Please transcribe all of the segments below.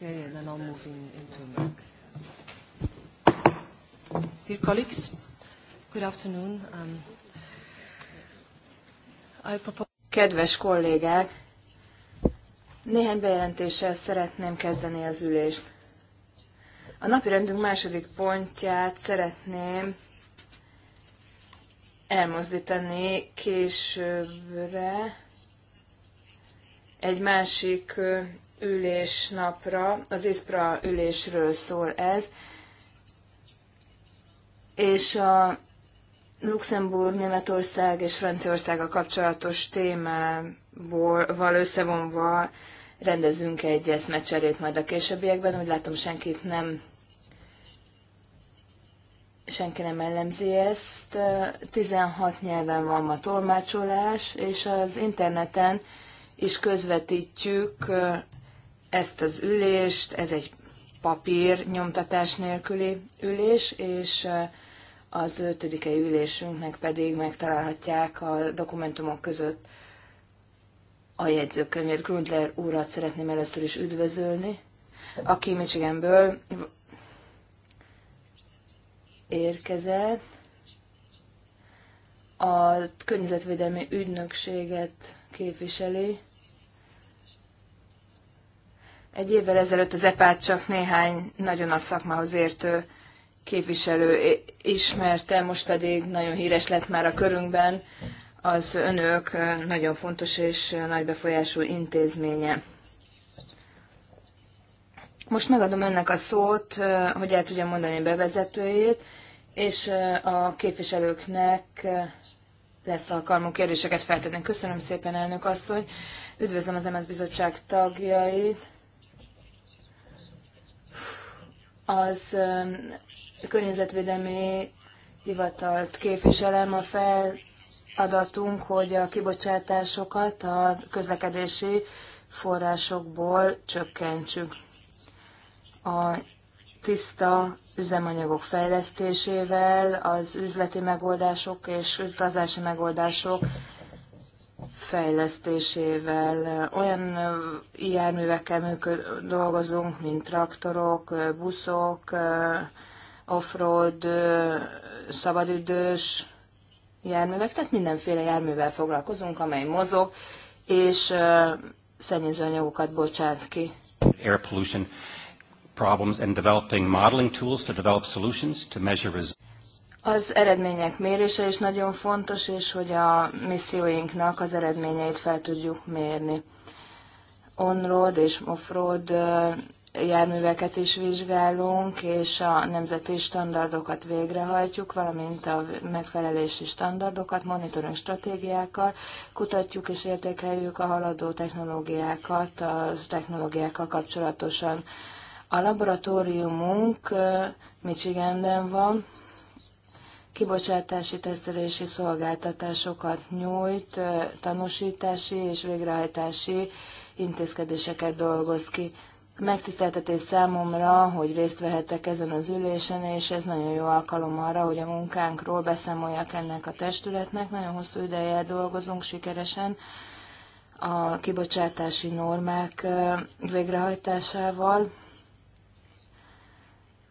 Yeah, yeah, then I'll move in, into Dear colleagues, good afternoon. Um, I propose... Kedves kollégák, néhány bejelentéssel szeretném kezdeni az ülést. A napirendünk második pontját szeretném elmozdítani későbbre egy másik ülésnapra, az ISPRA ülésről szól ez, és a Luxemburg, Németország és Franciaország a kapcsolatos témával összevonva rendezünk egy eszmecserét majd a későbbiekben. Úgy látom, senkit nem senki nem ellenzi ezt. 16 nyelven van ma tolmácsolás, és az interneten is közvetítjük ezt az ülést, ez egy papír nyomtatás nélküli ülés, és az ötödikei ülésünknek pedig megtalálhatják a dokumentumok között a jegyzőkönyvét. Grundler úrat szeretném először is üdvözölni, aki Michiganből érkezett, a környezetvédelmi ügynökséget képviseli, egy évvel ezelőtt az EPÁT csak néhány nagyon a szakmához értő képviselő ismerte, most pedig nagyon híres lett már a körünkben az önök nagyon fontos és nagy befolyású intézménye. Most megadom önnek a szót, hogy el tudjam mondani a bevezetőjét, és a képviselőknek lesz alkalmunk kérdéseket feltenni. Köszönöm szépen, elnök asszony. Üdvözlöm az MSZ Bizottság tagjait. az környezetvédelmi hivatalt képviselem. A feladatunk, hogy a kibocsátásokat a közlekedési forrásokból csökkentsük. A tiszta üzemanyagok fejlesztésével, az üzleti megoldások és utazási megoldások fejlesztésével. Olyan járművekkel működ, dolgozunk, mint traktorok, buszok, offroad, szabadidős járművek, tehát mindenféle járművel foglalkozunk, amely mozog, és szennyezőanyagokat bocsát ki. Air pollution problems and developing modeling tools to develop solutions to measure results. Az eredmények mérése is nagyon fontos, és hogy a misszióinknak az eredményeit fel tudjuk mérni. Onroad és offroad járműveket is vizsgálunk, és a nemzeti standardokat végrehajtjuk, valamint a megfelelési standardokat, monitoring stratégiákkal, kutatjuk és értékeljük a haladó technológiákat, a technológiákkal kapcsolatosan. A laboratóriumunk Michiganben van, kibocsátási tesztelési szolgáltatásokat nyújt, tanúsítási és végrehajtási intézkedéseket dolgoz ki. Megtiszteltetés számomra, hogy részt vehettek ezen az ülésen, és ez nagyon jó alkalom arra, hogy a munkánkról beszámoljak ennek a testületnek. Nagyon hosszú ideje dolgozunk sikeresen a kibocsátási normák végrehajtásával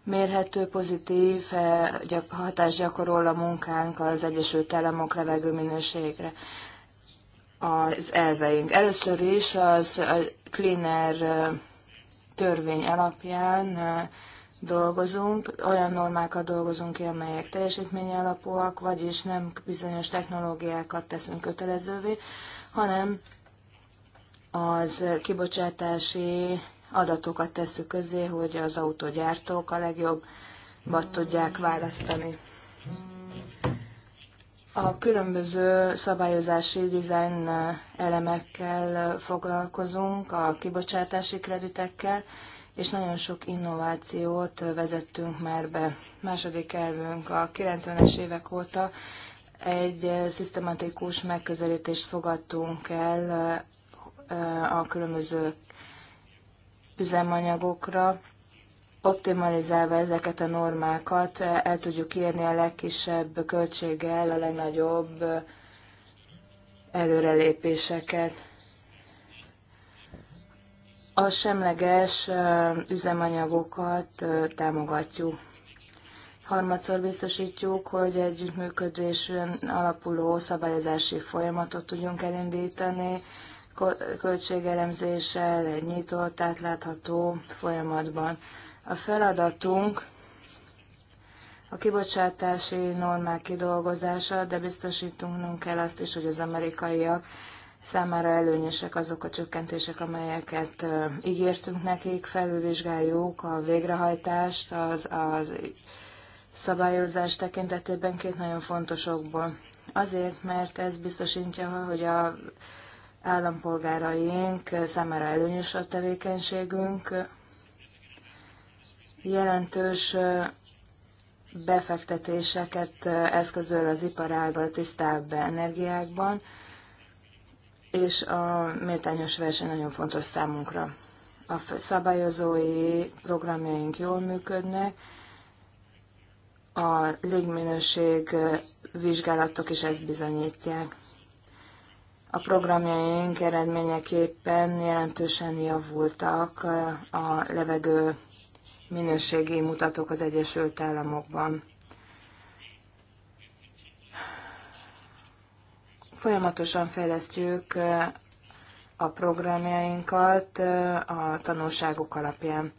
mérhető pozitív eh, hatást gyakorol a munkánk az Egyesült Államok levegőminőségre az elveink. Először is az a Cleaner eh, törvény alapján eh, dolgozunk, olyan normákat dolgozunk ki, amelyek teljesítmény alapúak, vagyis nem bizonyos technológiákat teszünk kötelezővé, hanem az kibocsátási adatokat tesszük közé, hogy az autógyártók a legjobbat tudják választani. A különböző szabályozási design elemekkel foglalkozunk, a kibocsátási kreditekkel, és nagyon sok innovációt vezettünk már be. Második elvünk a 90-es évek óta egy szisztematikus megközelítést fogadtunk el a különböző üzemanyagokra, optimalizálva ezeket a normákat el tudjuk írni a legkisebb költséggel a legnagyobb előrelépéseket. A semleges üzemanyagokat támogatjuk. Harmadszor biztosítjuk, hogy együttműködésen alapuló szabályozási folyamatot tudjunk elindítani, költségelemzéssel, egy nyitott, átlátható folyamatban. A feladatunk a kibocsátási normák kidolgozása, de biztosítunk kell azt is, hogy az amerikaiak számára előnyösek azok a csökkentések, amelyeket ígértünk nekik, felülvizsgáljuk a végrehajtást, az, az szabályozás tekintetében két nagyon fontosokból. Azért, mert ez biztosítja, hogy a állampolgáraink számára előnyös a tevékenységünk. Jelentős befektetéseket eszközöl az iparág tisztább energiákban, és a méltányos verseny nagyon fontos számunkra. A szabályozói programjaink jól működnek, a légminőség vizsgálatok is ezt bizonyítják a programjaink eredményeképpen jelentősen javultak eh, a levegő minőségi mutatók az Egyesült Államokban. Folyamatosan fejlesztjük eh, a programjainkat eh, a tanulságok alapján.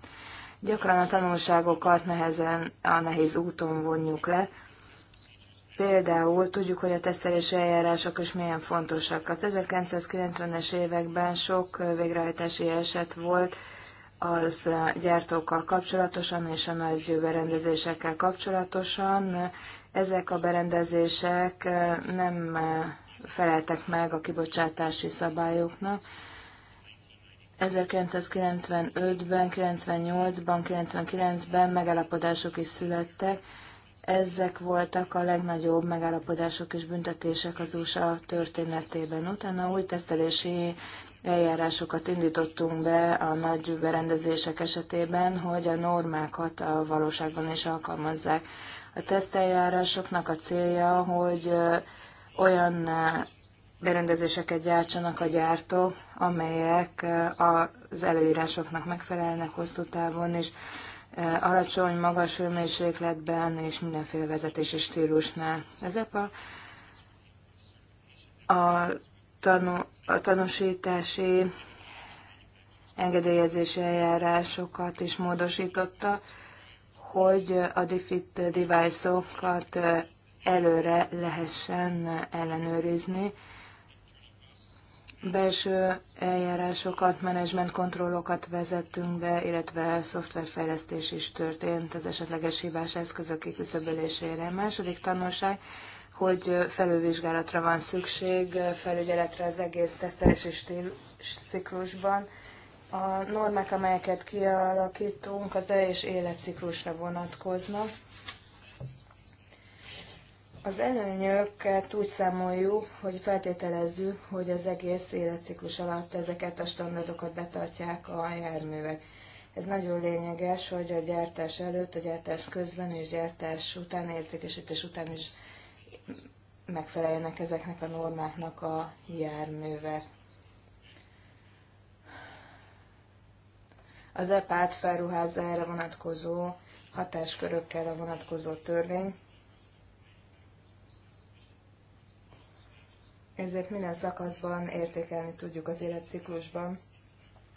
Gyakran a tanulságokat nehezen, a nehéz úton vonjuk le, Például tudjuk, hogy a tesztelési eljárások is milyen fontosak. Az 1990-es években sok végrehajtási eset volt az gyártókkal kapcsolatosan és a nagy berendezésekkel kapcsolatosan. Ezek a berendezések nem feleltek meg a kibocsátási szabályoknak. 1995-ben, 98-ban, 99-ben megállapodások is születtek, ezek voltak a legnagyobb megállapodások és büntetések az USA történetében. Utána új tesztelési eljárásokat indítottunk be a nagy berendezések esetében, hogy a normákat a valóságban is alkalmazzák. A teszteljárásoknak a célja, hogy olyan berendezéseket gyártsanak a gyártók, amelyek az előírásoknak megfelelnek hosszú távon, és alacsony, magas hőmérsékletben és mindenféle vezetési stílusnál. Ezek EPA a, tanú, a tanúsítási engedélyezési eljárásokat is módosította, hogy a defit device-okat előre lehessen ellenőrizni, belső eljárásokat, menedzsment kontrollokat vezettünk be, illetve szoftverfejlesztés is történt az esetleges hibás eszközök kiküszöbölésére. Második tanulság, hogy felülvizsgálatra van szükség, felügyeletre az egész tesztelési ciklusban. A normák, amelyeket kialakítunk, az el- és életciklusra vonatkoznak, az előnyöket úgy számoljuk, hogy feltételezzük, hogy az egész életciklus alatt ezeket a standardokat betartják a járművek. Ez nagyon lényeges, hogy a gyártás előtt, a gyártás közben és gyártás után, értékesítés után is megfeleljenek ezeknek a normáknak a járművek. Az EPÁT felruházára vonatkozó hatáskörökkel a vonatkozó törvény, ezért minden szakaszban értékelni tudjuk az életciklusban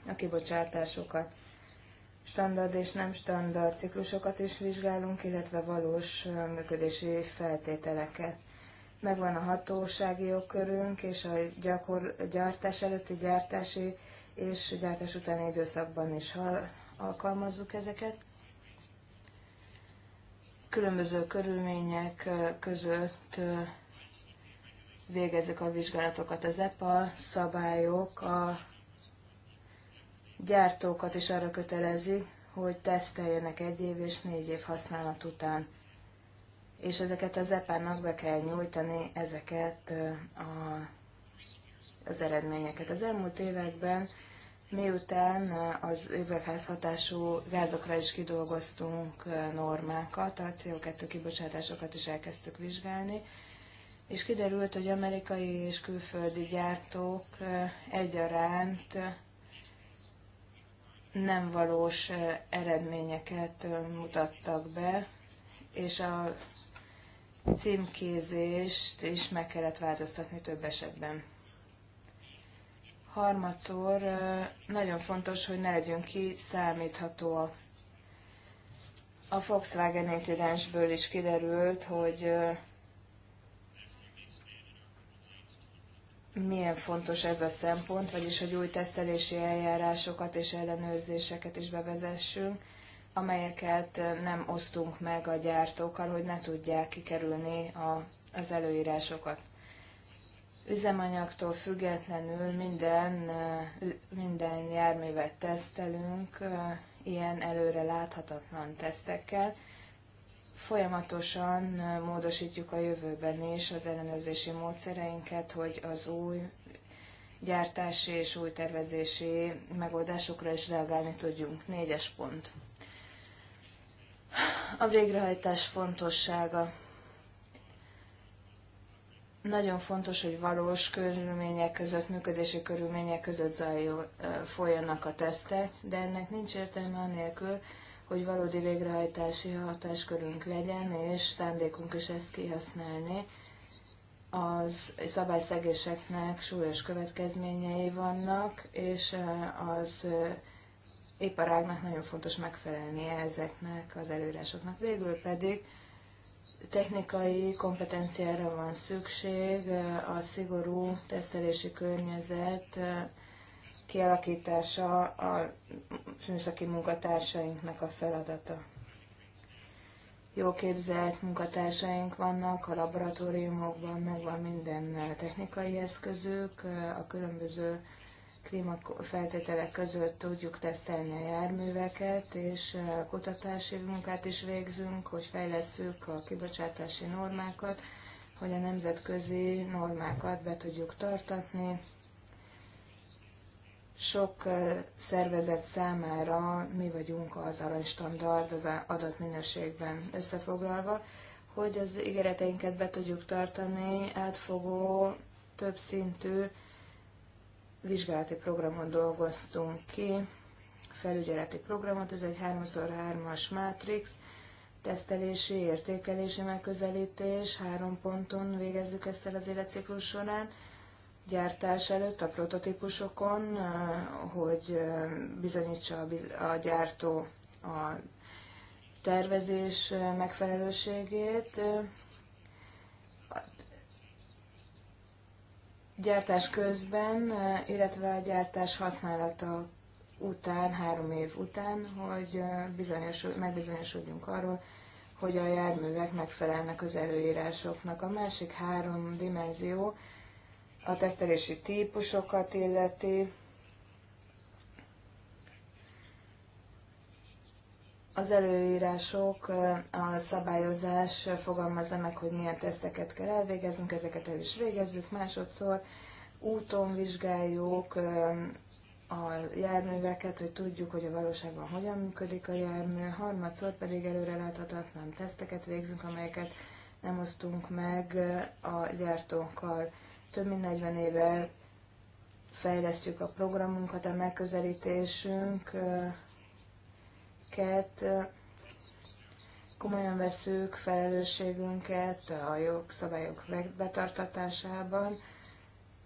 a kibocsátásokat. Standard és nem standard ciklusokat is vizsgálunk, illetve valós működési feltételeket. Megvan a hatósági jogkörünk és a gyakor, gyártás előtti gyártási és gyártás utáni időszakban is alkalmazzuk ezeket. Különböző körülmények között végezzük a vizsgálatokat. Az EPA szabályok a gyártókat is arra kötelezik, hogy teszteljenek egy év és négy év használat után. És ezeket az EPA-nak be kell nyújtani, ezeket a, az eredményeket. Az elmúlt években, miután az üvegházhatású gázokra is kidolgoztunk normákat, a CO2 kibocsátásokat is elkezdtük vizsgálni, és kiderült, hogy amerikai és külföldi gyártók egyaránt nem valós eredményeket mutattak be, és a címkézést is meg kellett változtatni több esetben. Harmadszor nagyon fontos, hogy ne legyünk ki számíthatóak. A Volkswagen incidensből is kiderült, hogy milyen fontos ez a szempont, vagyis hogy új tesztelési eljárásokat és ellenőrzéseket is bevezessünk, amelyeket nem osztunk meg a gyártókkal, hogy ne tudják kikerülni a, az előírásokat. Üzemanyagtól függetlenül minden, minden járművet tesztelünk ilyen előre láthatatlan tesztekkel, folyamatosan módosítjuk a jövőben is az ellenőrzési módszereinket, hogy az új gyártási és új tervezési megoldásokra is reagálni tudjunk. Négyes pont. A végrehajtás fontossága. Nagyon fontos, hogy valós körülmények között, működési körülmények között zajló, folyanak a tesztek, de ennek nincs értelme anélkül, hogy valódi végrehajtási hatáskörünk legyen, és szándékunk is ezt kihasználni. Az szabályszegéseknek súlyos következményei vannak, és az iparágnak nagyon fontos megfelelnie ezeknek az előírásoknak. Végül pedig technikai kompetenciára van szükség, a szigorú tesztelési környezet kialakítása a műszaki munkatársainknak a feladata. Jó képzelt munkatársaink vannak, a laboratóriumokban megvan minden technikai eszközük, a különböző klímafeltételek között tudjuk tesztelni a járműveket, és kutatási munkát is végzünk, hogy fejlesszük a kibocsátási normákat, hogy a nemzetközi normákat be tudjuk tartatni, sok szervezet számára mi vagyunk az aranystandard az adatminőségben összefoglalva, hogy az ígéreteinket be tudjuk tartani, átfogó, többszintű vizsgálati programot dolgoztunk ki, felügyeleti programot, ez egy 3x3-as mátrix, tesztelési, értékelési megközelítés, három ponton végezzük ezt el az életciklus során, gyártás előtt a prototípusokon, hogy bizonyítsa a gyártó a tervezés megfelelőségét. Gyártás közben, illetve a gyártás használata után, három év után, hogy bizonyos, megbizonyosodjunk arról, hogy a járművek megfelelnek az előírásoknak. A másik három dimenzió a tesztelési típusokat illeti, az előírások, a szabályozás fogalmazza meg, hogy milyen teszteket kell elvégeznünk, ezeket el is végezzük másodszor. Úton vizsgáljuk a járműveket, hogy tudjuk, hogy a valóságban hogyan működik a jármű. Harmadszor pedig láthatatlan teszteket végzünk, amelyeket nem osztunk meg a gyártókkal. Több mint 40 éve fejlesztjük a programunkat, a megközelítésünket, komolyan veszük felelősségünket a jogszabályok betartatásában,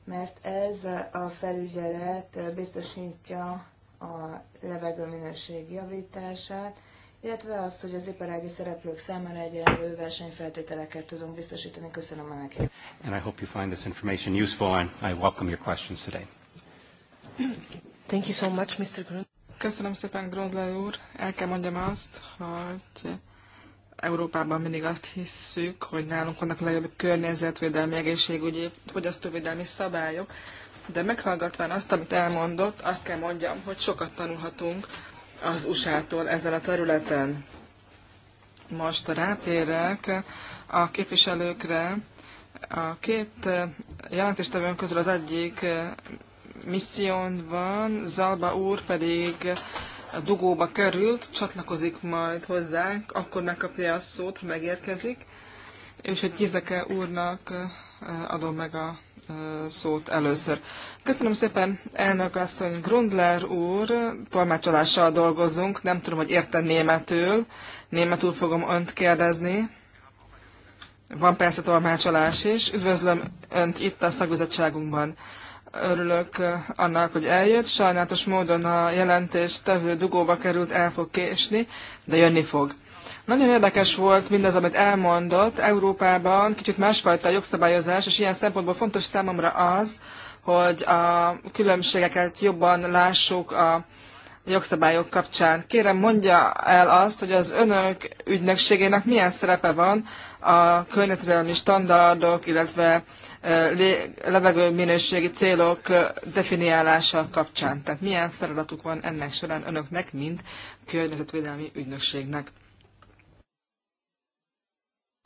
mert ez a felügyelet biztosítja a levegő minőség javítását, illetve azt, hogy az iparági szereplők számára egyenlő versenyfeltételeket tudunk biztosítani. Köszönöm a neki. And I hope you find this information useful and I welcome your questions today. Thank you so much, Mr. Grund. Köszönöm szépen, Grundler úr. El kell mondjam azt, hogy Európában mindig azt hisszük, hogy nálunk vannak a legjobb környezetvédelmi, egészségügyi, fogyasztóvédelmi szabályok, de meghallgatván azt, amit elmondott, azt kell mondjam, hogy sokat tanulhatunk az USA-tól ezen a területen. Most rátérek a képviselőkre. A két jelentéstevőn közül az egyik misszión van, Zalba úr pedig a dugóba került, csatlakozik majd hozzánk, akkor megkapja a szót, ha megérkezik, és egy Gizeke úrnak eh, adom meg a szót először. Köszönöm szépen, elnök asszony Grundler úr, tolmácsolással dolgozunk, nem tudom, hogy érte németül, németül fogom önt kérdezni. Van persze tolmácsolás is. Üdvözlöm önt itt a szakbizottságunkban. Örülök eh, annak, hogy eljött. Sajnálatos módon a jelentés tevő dugóba került, el fog késni, de jönni fog. Nagyon érdekes volt mindaz, amit elmondott. Európában kicsit másfajta a jogszabályozás, és ilyen szempontból fontos számomra az, hogy a különbségeket jobban lássuk a jogszabályok kapcsán. Kérem, mondja el azt, hogy az önök ügynökségének milyen szerepe van a környezetelmi standardok, illetve levegőminőségi célok definiálása kapcsán. Tehát milyen feladatuk van ennek során önöknek, mint környezetvédelmi ügynökségnek?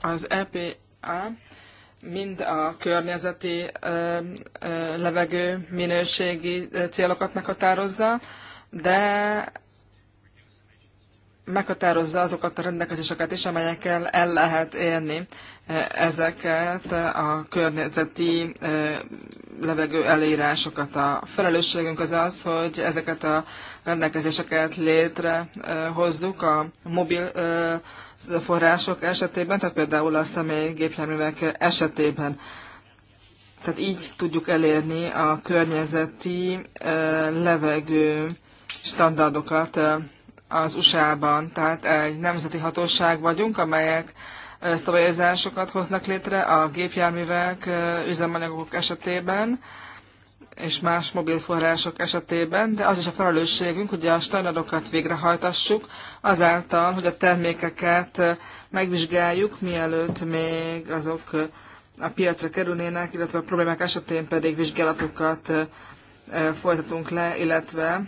Az EPA mind a környezeti levegő minőségi célokat meghatározza, de meghatározza azokat a rendelkezéseket is, amelyekkel el lehet élni ezeket a környezeti levegő elírásokat. A felelősségünk az az, hogy ezeket a rendelkezéseket létrehozzuk a mobil források esetében, tehát például a személygépjárművek esetében. Tehát így tudjuk elérni a környezeti levegő standardokat az USA-ban. Tehát egy nemzeti hatóság vagyunk, amelyek szabályozásokat hoznak létre a gépjárművek, üzemanyagok esetében, és más mobil források esetében, de az is a felelősségünk, hogy a standardokat végrehajtassuk, azáltal, hogy a termékeket megvizsgáljuk, mielőtt még azok a piacra kerülnének, illetve a problémák esetén pedig vizsgálatokat folytatunk le, illetve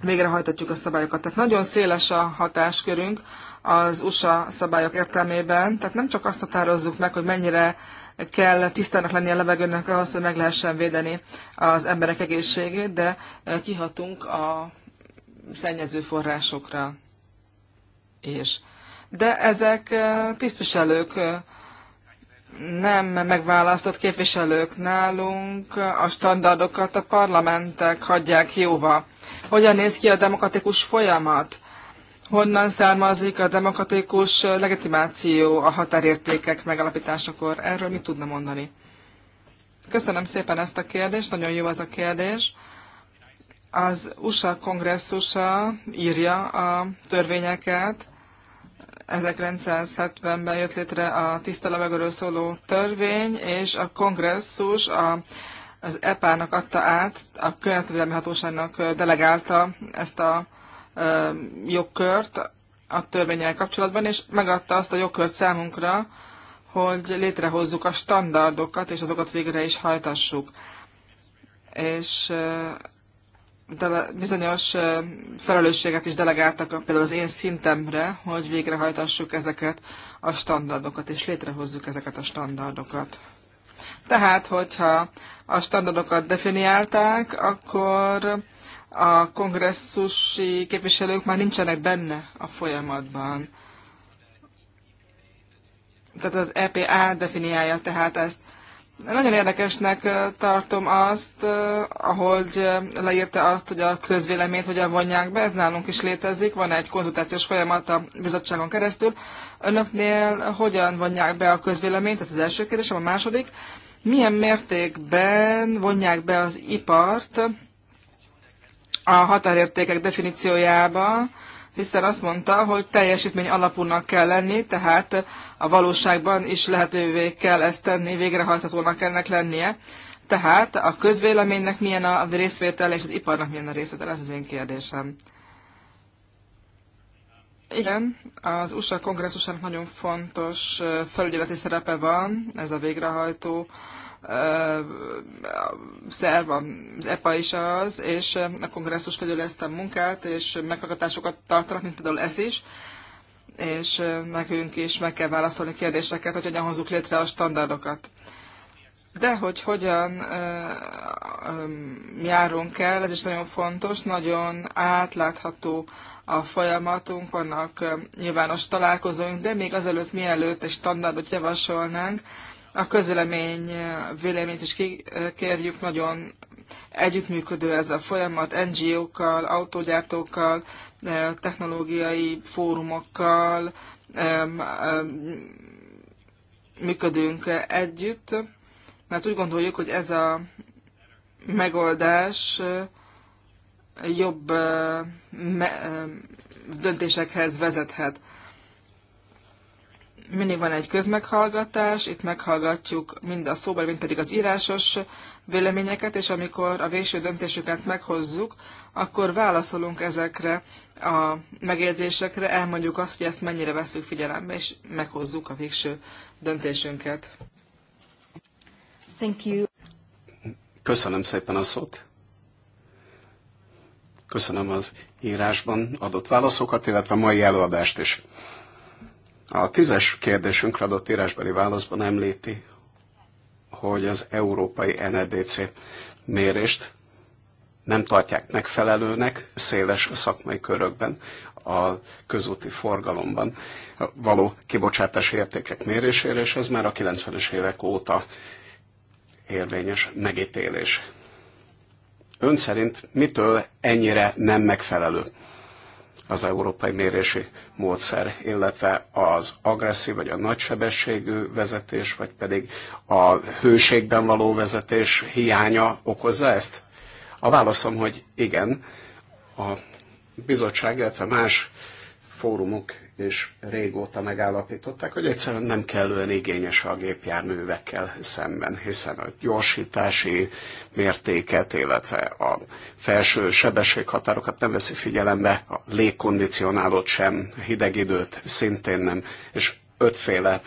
végrehajtatjuk a szabályokat. Tehát nagyon széles a hatáskörünk az USA szabályok értelmében, tehát nem csak azt határozzuk meg, hogy mennyire kell tisztának lenni a levegőnek ahhoz, hogy meg lehessen védeni az emberek egészségét, de kihatunk a szennyező forrásokra és De ezek tisztviselők, nem megválasztott képviselők nálunk, a standardokat a parlamentek hagyják jóva. Hogyan néz ki a demokratikus folyamat? honnan származik a demokratikus legitimáció a határértékek megalapításakor. Erről mit tudna mondani? Köszönöm szépen ezt a kérdést, nagyon jó az a kérdés. Az USA kongresszusa írja a törvényeket. 1970-ben jött létre a tiszta levegőről szóló törvény, és a kongresszus a, az EPA-nak adta át, a környezetvédelmi hatóságnak delegálta ezt a jogkört a törvényel kapcsolatban, és megadta azt a jogkört számunkra, hogy létrehozzuk a standardokat, és azokat végre is hajtassuk. És de bizonyos felelősséget is delegáltak például az én szintemre, hogy végrehajtassuk ezeket a standardokat, és létrehozzuk ezeket a standardokat. Tehát, hogyha a standardokat definiálták, akkor a kongresszusi képviselők már nincsenek benne a folyamatban. Tehát az EPA definiálja tehát ezt. Nagyon érdekesnek tartom azt, ahogy leírta azt, hogy a közvéleményt hogyan vonják be, ez nálunk is létezik, van egy konzultációs folyamat a bizottságon keresztül. Önöknél hogyan vonják be a közvéleményt, ez az első kérdésem, a második. Milyen mértékben vonják be az ipart a határértékek definíciójába, hiszen azt mondta, hogy teljesítmény alapúnak kell lenni, tehát a valóságban is lehetővé kell ezt tenni, végrehajthatónak ennek lennie. Tehát a közvéleménynek milyen a részvétele, és az iparnak milyen a részvétele, ez az én kérdésem. Igen, az USA kongresszusának nagyon fontos felügyeleti szerepe van, ez a végrehajtó szerv, az EPA is az, és a kongresszus fegyül ezt a munkát, és meghallgatásokat tartanak, mint például ez is, és nekünk is meg kell válaszolni kérdéseket, hogy hogyan hozzuk létre a standardokat. De hogy hogyan járunk el, ez is nagyon fontos, nagyon átlátható a folyamatunk, vannak nyilvános találkozóink, de még azelőtt, mielőtt egy standardot javasolnánk, a közülemény eh, véleményt is eh, kérjük, nagyon együttműködő ez a folyamat NGO-kkal, autógyártókkal, eh, technológiai fórumokkal működünk együtt, mert úgy gondoljuk, hogy ez a megoldás jobb döntésekhez vezethet mindig van egy közmeghallgatás, itt meghallgatjuk mind a szóban, mind pedig az írásos véleményeket, és amikor a végső döntésüket meghozzuk, akkor válaszolunk ezekre a megjegyzésekre, elmondjuk azt, hogy ezt mennyire veszük figyelembe, és meghozzuk a végső döntésünket. Thank you. Köszönöm szépen a szót. Köszönöm az írásban adott válaszokat, illetve a mai előadást is. A tízes kérdésünkre adott írásbeli válaszban említi, hogy az európai NEDC mérést nem tartják megfelelőnek széles szakmai körökben a közúti forgalomban való kibocsátási értékek mérésére, és ez már a 90-es évek óta érvényes megítélés. Ön szerint mitől ennyire nem megfelelő az európai mérési módszer, illetve az agresszív vagy a nagysebességű vezetés, vagy pedig a hőségben való vezetés hiánya okozza ezt? A válaszom, hogy igen. A bizottság, illetve más fórumok és régóta megállapították, hogy egyszerűen nem kellően igényes a gépjárművekkel szemben, hiszen a gyorsítási mértéket, illetve a felső sebességhatárokat nem veszi figyelembe, a légkondicionálót sem, hideg időt szintén nem, és ötféle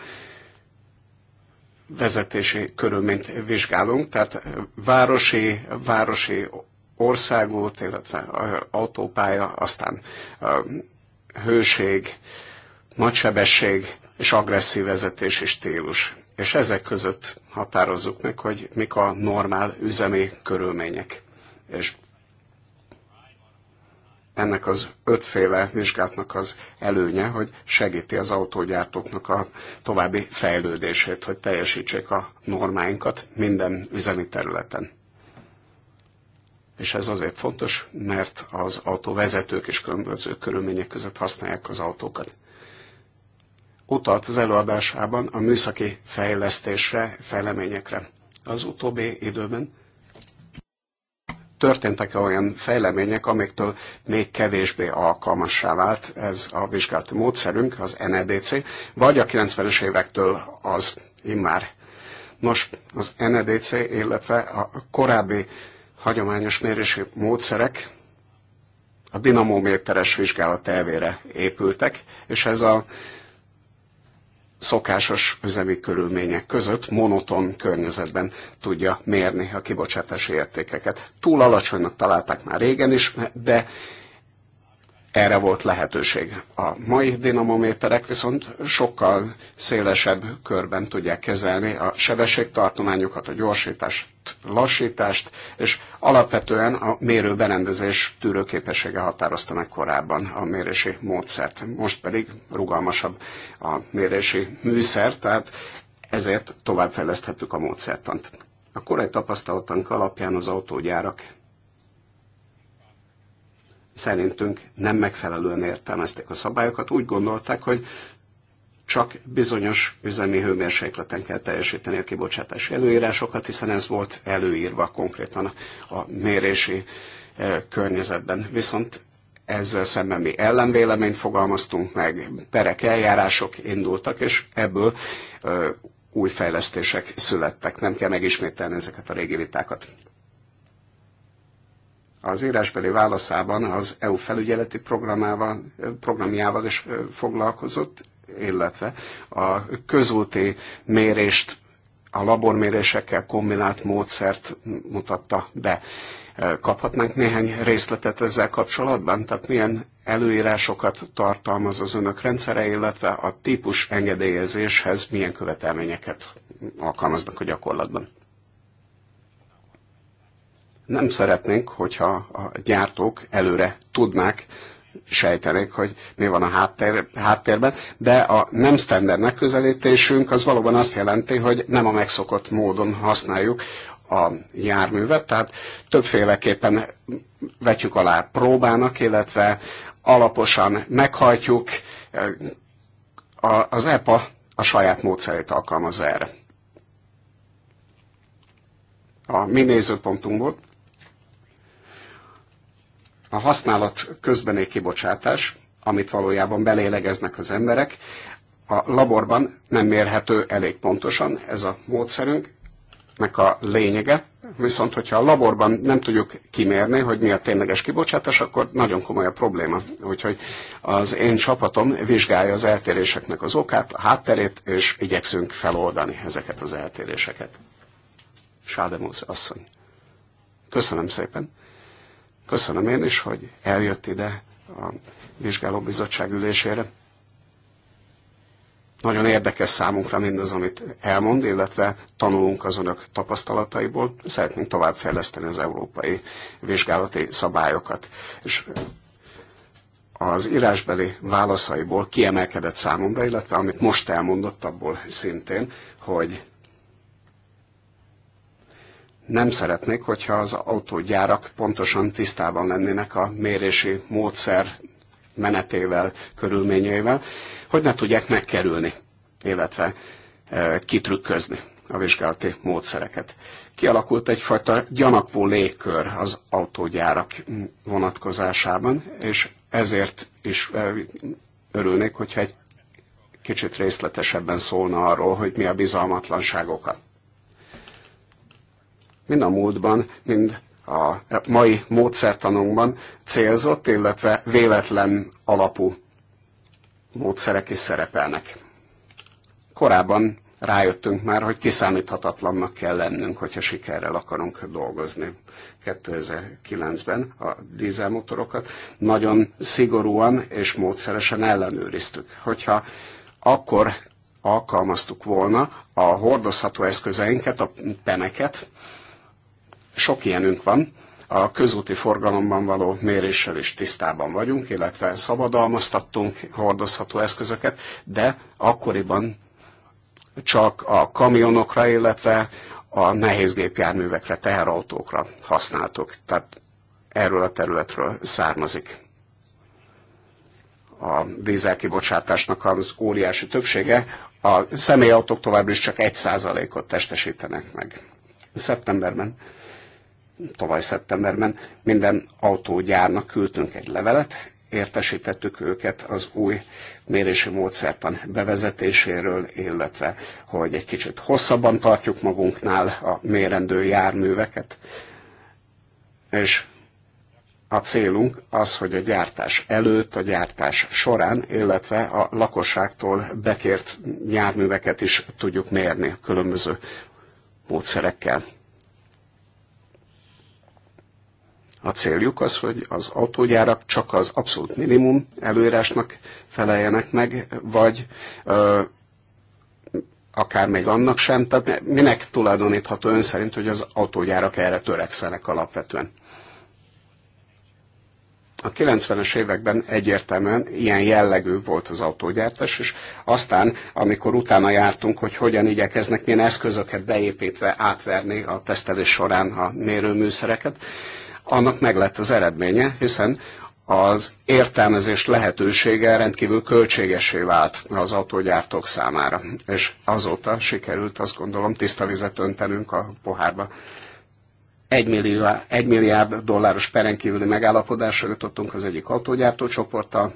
vezetési körülményt vizsgálunk, tehát városi, városi országút, illetve autópálya, aztán hőség, nagysebesség és agresszív vezetési stílus. És ezek között határozzuk meg, hogy mik a normál üzemi körülmények. És ennek az ötféle vizsgátnak az előnye, hogy segíti az autógyártóknak a további fejlődését, hogy teljesítsék a normáinkat minden üzemi területen. És ez azért fontos, mert az autóvezetők is különböző körülmények között használják az autókat. Utalt az előadásában a műszaki fejlesztésre, fejleményekre. Az utóbbi időben történtek -e olyan fejlemények, amiktől még kevésbé alkalmassá vált ez a vizsgálati módszerünk, az NEDC, vagy a 90-es évektől az immár. Nos, az NEDC, illetve a korábbi hagyományos mérési módszerek a dinamométeres vizsgálat elvére épültek, és ez a szokásos üzemi körülmények között, monoton környezetben tudja mérni a kibocsátási értékeket. Túl alacsonynak találták már régen is, de erre volt lehetőség. A mai dinamométerek viszont sokkal szélesebb körben tudják kezelni a sebességtartományokat, a gyorsítást, lassítást, és alapvetően a mérőberendezés tűrőképessége határozta meg korábban a mérési módszert. Most pedig rugalmasabb a mérési műszer, tehát ezért továbbfejleszthettük a módszertant. A korai tapasztalatunk alapján az autógyárak szerintünk nem megfelelően értelmezték a szabályokat. Úgy gondolták, hogy csak bizonyos üzemi hőmérsékleten kell teljesíteni a kibocsátási előírásokat, hiszen ez volt előírva konkrétan a mérési e, környezetben. Viszont ezzel szemben mi ellenvéleményt fogalmaztunk meg, perek, eljárások indultak, és ebből e, új fejlesztések születtek. Nem kell megismételni ezeket a régi vitákat az írásbeli válaszában az EU felügyeleti programával, programjával is foglalkozott, illetve a közúti mérést, a labormérésekkel kombinált módszert mutatta be. Kaphatnánk néhány részletet ezzel kapcsolatban? Tehát milyen előírásokat tartalmaz az önök rendszere, illetve a típus engedélyezéshez milyen követelményeket alkalmaznak a gyakorlatban? Nem szeretnénk, hogyha a gyártók előre tudnák sejtenék, hogy mi van a háttér, háttérben, de a nem standard megközelítésünk az valóban azt jelenti, hogy nem a megszokott módon használjuk a járművet, tehát többféleképpen vetjük alá próbának, illetve alaposan meghajtjuk, eh, az EPA a saját módszerét alkalmaz erre. A mi nézőpontunkból a használat közbeni kibocsátás, amit valójában belélegeznek az emberek, a laborban nem mérhető elég pontosan ez a módszerünk, meg a lényege, viszont hogyha a laborban nem tudjuk kimérni, hogy mi a tényleges kibocsátás, akkor nagyon komoly a probléma. Úgyhogy az én csapatom vizsgálja az eltéréseknek az okát, a hátterét, és igyekszünk feloldani ezeket az eltéréseket. Sádemusz asszony. Köszönöm szépen. Köszönöm én is, hogy eljött ide a vizsgálóbizottság ülésére. Nagyon érdekes számunkra mindaz, amit elmond, illetve tanulunk az önök tapasztalataiból. Szeretnénk továbbfejleszteni az európai vizsgálati szabályokat. És az írásbeli válaszaiból kiemelkedett számomra, illetve amit most elmondott, abból szintén, hogy nem szeretnék, hogyha az autógyárak pontosan tisztában lennének a mérési módszer menetével, körülményeivel, hogy ne tudják megkerülni, illetve e, kitrükközni a vizsgálati módszereket. Kialakult egyfajta gyanakvó légkör az autógyárak vonatkozásában, és ezért is e, örülnék, hogyha egy kicsit részletesebben szólna arról, hogy mi a bizalmatlanságokat mind a múltban, mind a mai módszertanunkban célzott, illetve véletlen alapú módszerek is szerepelnek. Korábban rájöttünk már, hogy kiszámíthatatlannak kell lennünk, hogyha sikerrel akarunk dolgozni. 2009-ben a dízelmotorokat nagyon szigorúan és módszeresen ellenőriztük. Hogyha akkor alkalmaztuk volna a hordozható eszközeinket, a peneket, sok ilyenünk van, a közúti forgalomban való méréssel is tisztában vagyunk, illetve szabadalmaztattunk hordozható eszközöket, de akkoriban csak a kamionokra, illetve a nehézgépjárművekre, teherautókra használtuk. Tehát erről a területről származik a dízelkibocsátásnak az óriási többsége, a személyautók továbbra is csak 1%-ot testesítenek meg. Szeptemberben tavaly szeptemberben minden autógyárnak küldtünk egy levelet, értesítettük őket az új mérési módszertan bevezetéséről, illetve hogy egy kicsit hosszabban tartjuk magunknál a mérendő járműveket, és a célunk az, hogy a gyártás előtt, a gyártás során, illetve a lakosságtól bekért járműveket is tudjuk mérni a különböző módszerekkel. A céljuk az, hogy az autógyárak csak az abszolút minimum előírásnak feleljenek meg, vagy ö, akár még annak sem. Tehát minek tulajdonítható ön szerint, hogy az autógyárak erre törekszenek alapvetően? a 90-es években egyértelműen ilyen jellegű volt az autógyártás, és aztán, amikor utána jártunk, hogy hogyan igyekeznek milyen eszközöket beépítve átverni a tesztelés során a mérőműszereket, annak meg lett az eredménye, hiszen az értelmezés lehetősége rendkívül költségesé vált az autógyártók számára. És azóta sikerült, azt gondolom, tiszta vizet öntenünk a pohárba. Egy milliárd, egy milliárd dolláros perenkívüli megállapodásra jutottunk az egyik autógyártócsoporttal,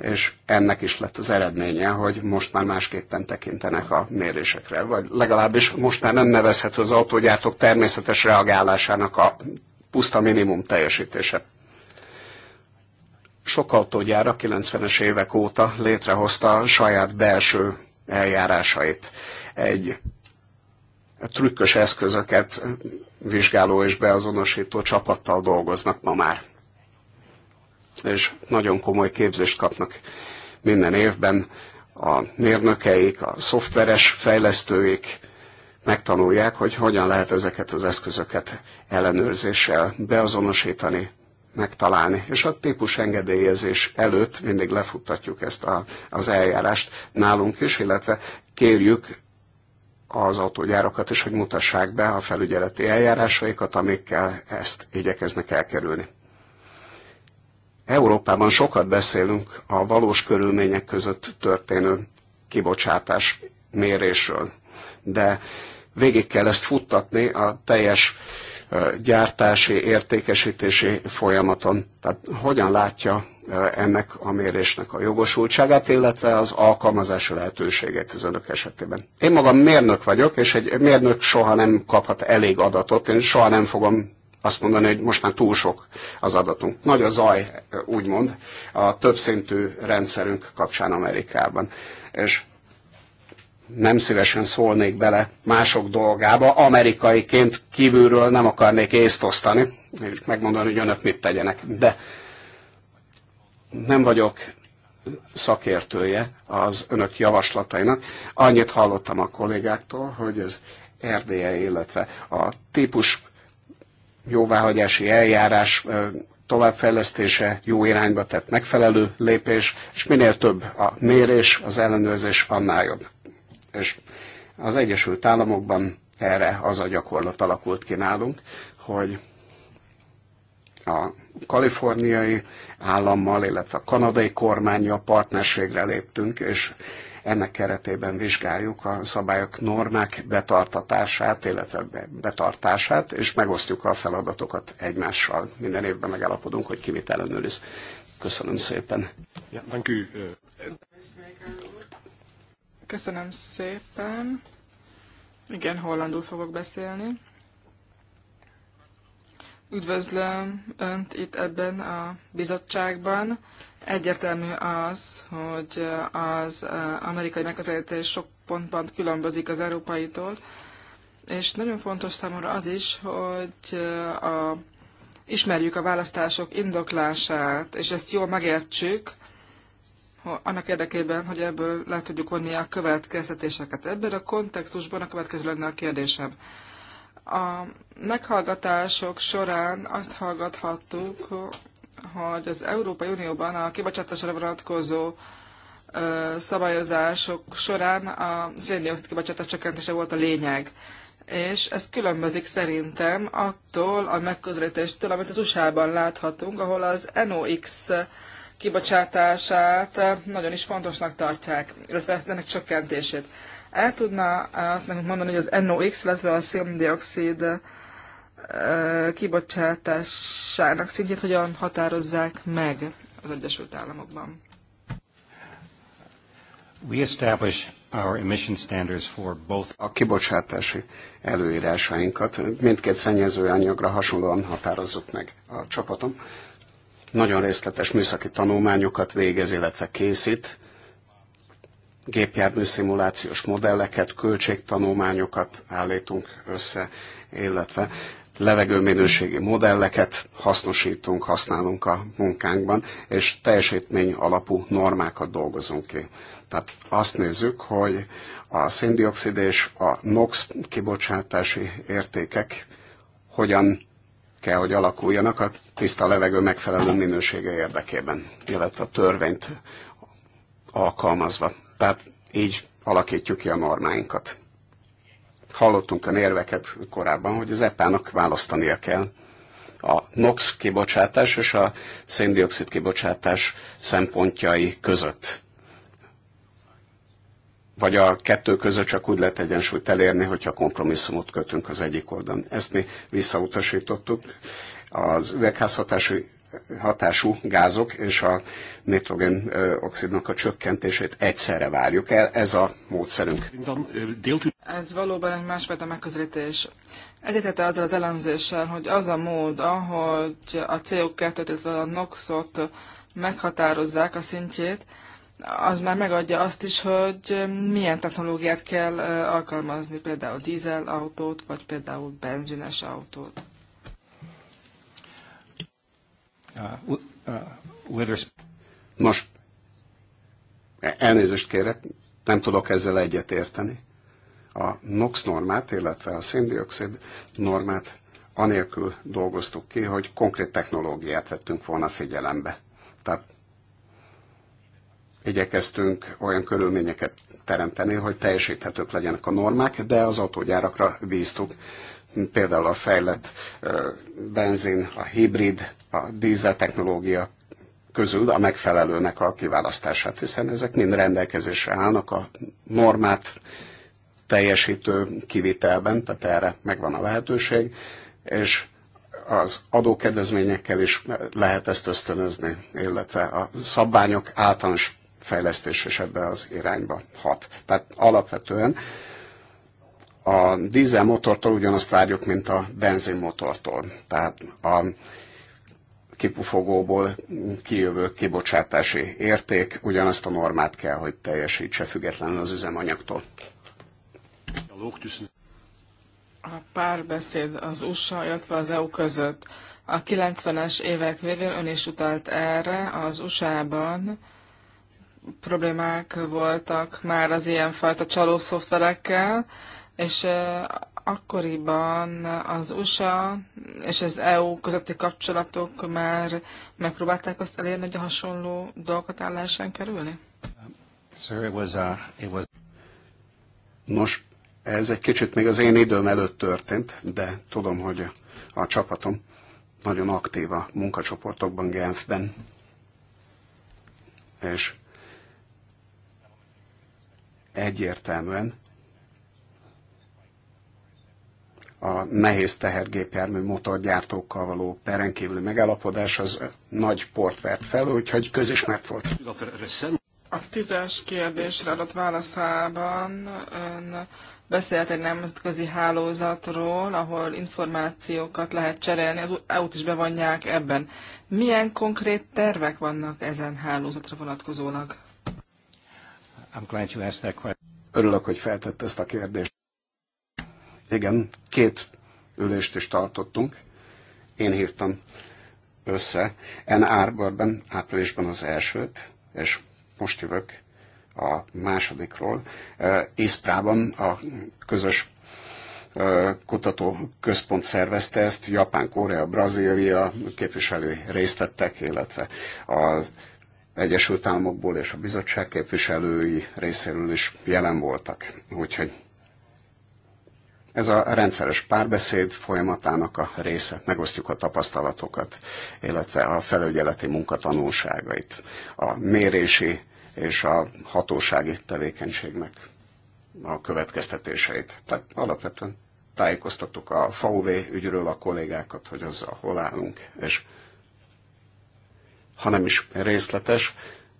és ennek is lett az eredménye, hogy most már másképpen tekintenek a mérésekre, vagy legalábbis most már nem nevezhető az autógyártók természetes reagálásának a puszta minimum teljesítése. Sok autógyár a 90-es évek óta létrehozta a saját belső eljárásait. Egy trükkös eszközöket vizsgáló és beazonosító csapattal dolgoznak ma már. És nagyon komoly képzést kapnak minden évben a mérnökeik, a szoftveres fejlesztőik, megtanulják, hogy hogyan lehet ezeket az eszközöket ellenőrzéssel beazonosítani, megtalálni. És a típus engedélyezés előtt mindig lefuttatjuk ezt a, az eljárást nálunk is, illetve kérjük az autógyárokat is, hogy mutassák be a felügyeleti eljárásaikat, amikkel ezt igyekeznek elkerülni. Európában sokat beszélünk a valós körülmények között történő kibocsátás mérésről, de végig kell ezt futtatni a teljes gyártási, értékesítési folyamaton. Tehát hogyan látja ennek a mérésnek a jogosultságát, illetve az alkalmazási lehetőségét az önök esetében. Én magam mérnök vagyok, és egy mérnök soha nem kaphat elég adatot, én soha nem fogom azt mondani, hogy most már túl sok az adatunk. Nagy a zaj, úgymond, a többszintű rendszerünk kapcsán Amerikában. És nem szívesen szólnék bele mások dolgába, amerikaiként kívülről nem akarnék észt osztani, és megmondani, hogy önök mit tegyenek. De nem vagyok szakértője az önök javaslatainak. Annyit hallottam a kollégáktól, hogy az Erdélye, illetve a típus jóváhagyási eljárás továbbfejlesztése jó irányba tett megfelelő lépés, és minél több a mérés, az ellenőrzés, annál jobb. És az Egyesült Államokban erre az a gyakorlat alakult ki nálunk, hogy a kaliforniai állammal, illetve a kanadai kormányjal partnerségre léptünk, és ennek keretében vizsgáljuk a szabályok, normák betartatását, illetve betartását, és megosztjuk a feladatokat egymással. Minden évben megállapodunk, hogy ki mit ellenőriz. Köszönöm szépen. Ja, thank you. Uh, Köszönöm szépen. Igen, hollandul fogok beszélni. Üdvözlöm Önt itt ebben a bizottságban. Egyértelmű az, hogy az amerikai megközelítés sok pontban különbözik az európaitól, és nagyon fontos számomra az is, hogy a, ismerjük a választások indoklását, és ezt jól megértsük, annak érdekében, hogy ebből le tudjuk vonni a következtetéseket. Ebben a kontextusban a következő lenne a kérdésem. A meghallgatások során azt hallgathattuk, hogy az Európai Unióban a kibocsátásra vonatkozó szabályozások során a széndiokszid kibocsátás csökkentése volt a lényeg. És ez különbözik szerintem attól a megközelítéstől, amit az USA-ban láthatunk, ahol az NOx kibocsátását nagyon is fontosnak tartják, illetve ennek csökkentését. El tudná azt nekünk mondani, hogy az NOx, illetve a széndiokszid kibocsátásának szintjét hogyan határozzák meg az Egyesült Államokban? We establish our emission standards for both. A kibocsátási előírásainkat mindkét szennyező anyagra hasonlóan határozzuk meg a csapatom nagyon részletes műszaki tanulmányokat végez, illetve készít, gépjármű szimulációs modelleket, költségtanulmányokat állítunk össze, illetve levegőminőségi modelleket hasznosítunk, használunk a munkánkban, és teljesítmény alapú normákat dolgozunk ki. Tehát azt nézzük, hogy a széndiokszid és a NOx kibocsátási értékek hogyan kell, hogy alakuljanak a tiszta levegő megfelelő minősége érdekében, illetve a törvényt alkalmazva. Tehát így alakítjuk ki a normáinkat. Hallottunk a érveket korábban, hogy az EPA-nak választania kell a NOx kibocsátás és a széndiokszid kibocsátás szempontjai között vagy a kettő között csak úgy lehet egyensúlyt elérni, hogyha kompromisszumot kötünk az egyik oldalon. Ezt mi visszautasítottuk. Az üvegházhatású hatású gázok és a nitrogén oxidnak a csökkentését egyszerre várjuk el. Ez a módszerünk. Ez valóban egy másfajta megközelítés. Egyetete azzal az elemzéssel, hogy az a mód, ahogy a CO2-t, a NOx-ot meghatározzák a szintjét, az már megadja azt is, hogy milyen technológiát kell alkalmazni, például dízel autót, vagy például benzines autót. most uh, uh, e- elnézést kérek, nem tudok ezzel egyet érteni. A NOx normát, illetve a széndiokszid normát anélkül dolgoztuk ki, hogy konkrét technológiát vettünk volna figyelembe. Tehát igyekeztünk olyan körülményeket teremteni, hogy teljesíthetők legyenek a normák, de az autógyárakra bíztuk például a fejlett benzin, a hibrid, a dízel technológia közül a megfelelőnek a kiválasztását, hiszen ezek mind rendelkezésre állnak a normát teljesítő kivitelben, tehát erre megvan a lehetőség, és az adókedvezményekkel is lehet ezt ösztönözni, illetve a szabványok általános fejlesztés is ebbe az irányba hat. Tehát alapvetően a dízelmotortól ugyanazt várjuk, mint a benzinmotortól. Tehát a kipufogóból kijövő kibocsátási érték ugyanazt a normát kell, hogy teljesítse függetlenül az üzemanyagtól. A párbeszéd az USA, illetve az EU között. A 90-es évek végén ön is utalt erre az USA-ban problémák voltak már az ilyenfajta csaló szoftverekkel, és eh, akkoriban az USA és az EU közötti kapcsolatok már megpróbálták azt elérni, hogy a hasonló dolgokat állásán kerülni? Sir, it was a, uh, it was... Nos, ez egy kicsit még az én időm előtt történt, de tudom, hogy a, a csapatom nagyon aktív a munkacsoportokban Genfben. És egyértelműen a nehéz tehergépjármű motorgyártókkal való perenkívüli megállapodás az nagy port vert fel, úgyhogy közismert volt. A tízes kérdésre adott válaszában ön beszélt egy nemzetközi hálózatról, ahol információkat lehet cserélni, az EU-t is bevonják ebben. Milyen konkrét tervek vannak ezen hálózatra vonatkozólag? I'm glad you asked that question. Örülök, hogy feltett ezt a kérdést. Igen, két ülést is tartottunk. Én hívtam össze. En Arborban, áprilisban az elsőt, és most jövök a másodikról. Iszprában a közös központ szervezte ezt, Japán, Korea, Brazília képviselői részt vettek, illetve az Egyesült Államokból és a bizottság képviselői részéről is jelen voltak. Úgyhogy ez a rendszeres párbeszéd folyamatának a része. Megosztjuk a tapasztalatokat, illetve a felügyeleti munkatanulságait, a mérési és a hatósági tevékenységnek a következtetéseit. Tehát alapvetően tájékoztattuk a FAUV ügyről a kollégákat, hogy azzal hol állunk, és hanem is részletes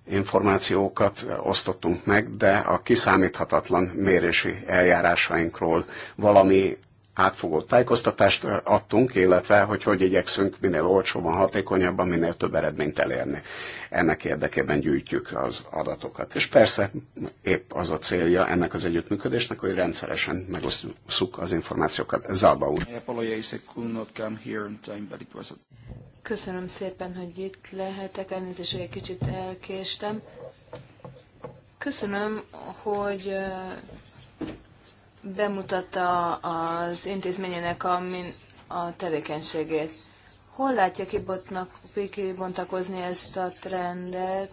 információkat osztottunk meg, de a kiszámíthatatlan mérési eljárásainkról valami átfogó tájékoztatást adtunk, illetve hogy hogy igyekszünk minél olcsóban, hatékonyabban, minél több eredményt elérni. Ennek érdekében gyűjtjük az adatokat. És persze épp az a célja ennek az együttműködésnek, hogy rendszeresen megosztjuk az információkat. Zalba úr. Köszönöm szépen, hogy itt lehetek. Elnézést, hogy egy kicsit elkéstem. Köszönöm, hogy bemutatta az intézményének a, a tevékenységét. Hol látja kibotnak, kibontakozni ezt a trendet?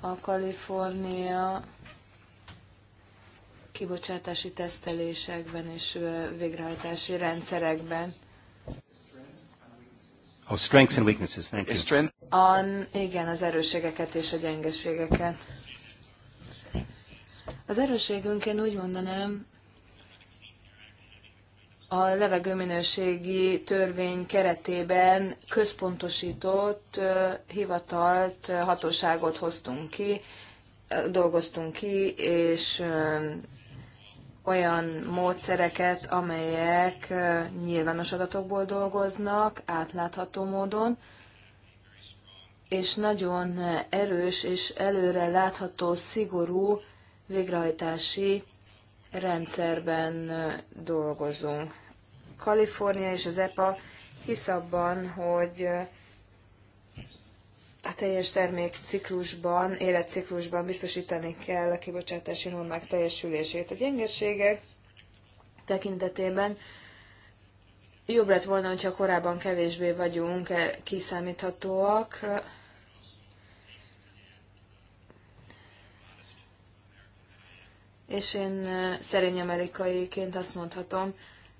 A Kalifornia kibocsátási tesztelésekben és végrehajtási rendszerekben. Oh, strengths and weaknesses. Thank you. Strength. igen, az erősségeket és a gyengeségeket. Az erősségünk, én úgy mondanám, a levegőminőségi törvény keretében központosított hivatalt, hatóságot hoztunk ki, dolgoztunk ki, és olyan módszereket, amelyek nyilvános adatokból dolgoznak, átlátható módon, és nagyon erős és előre látható, szigorú végrehajtási rendszerben dolgozunk. Kalifornia és az EPA hisz abban, hogy a teljes termékciklusban, életciklusban biztosítani kell a kibocsátási normák teljesülését. A gyengeségek tekintetében jobb lett volna, hogyha korábban kevésbé vagyunk e, kiszámíthatóak. És én e, szerény amerikaiként azt mondhatom,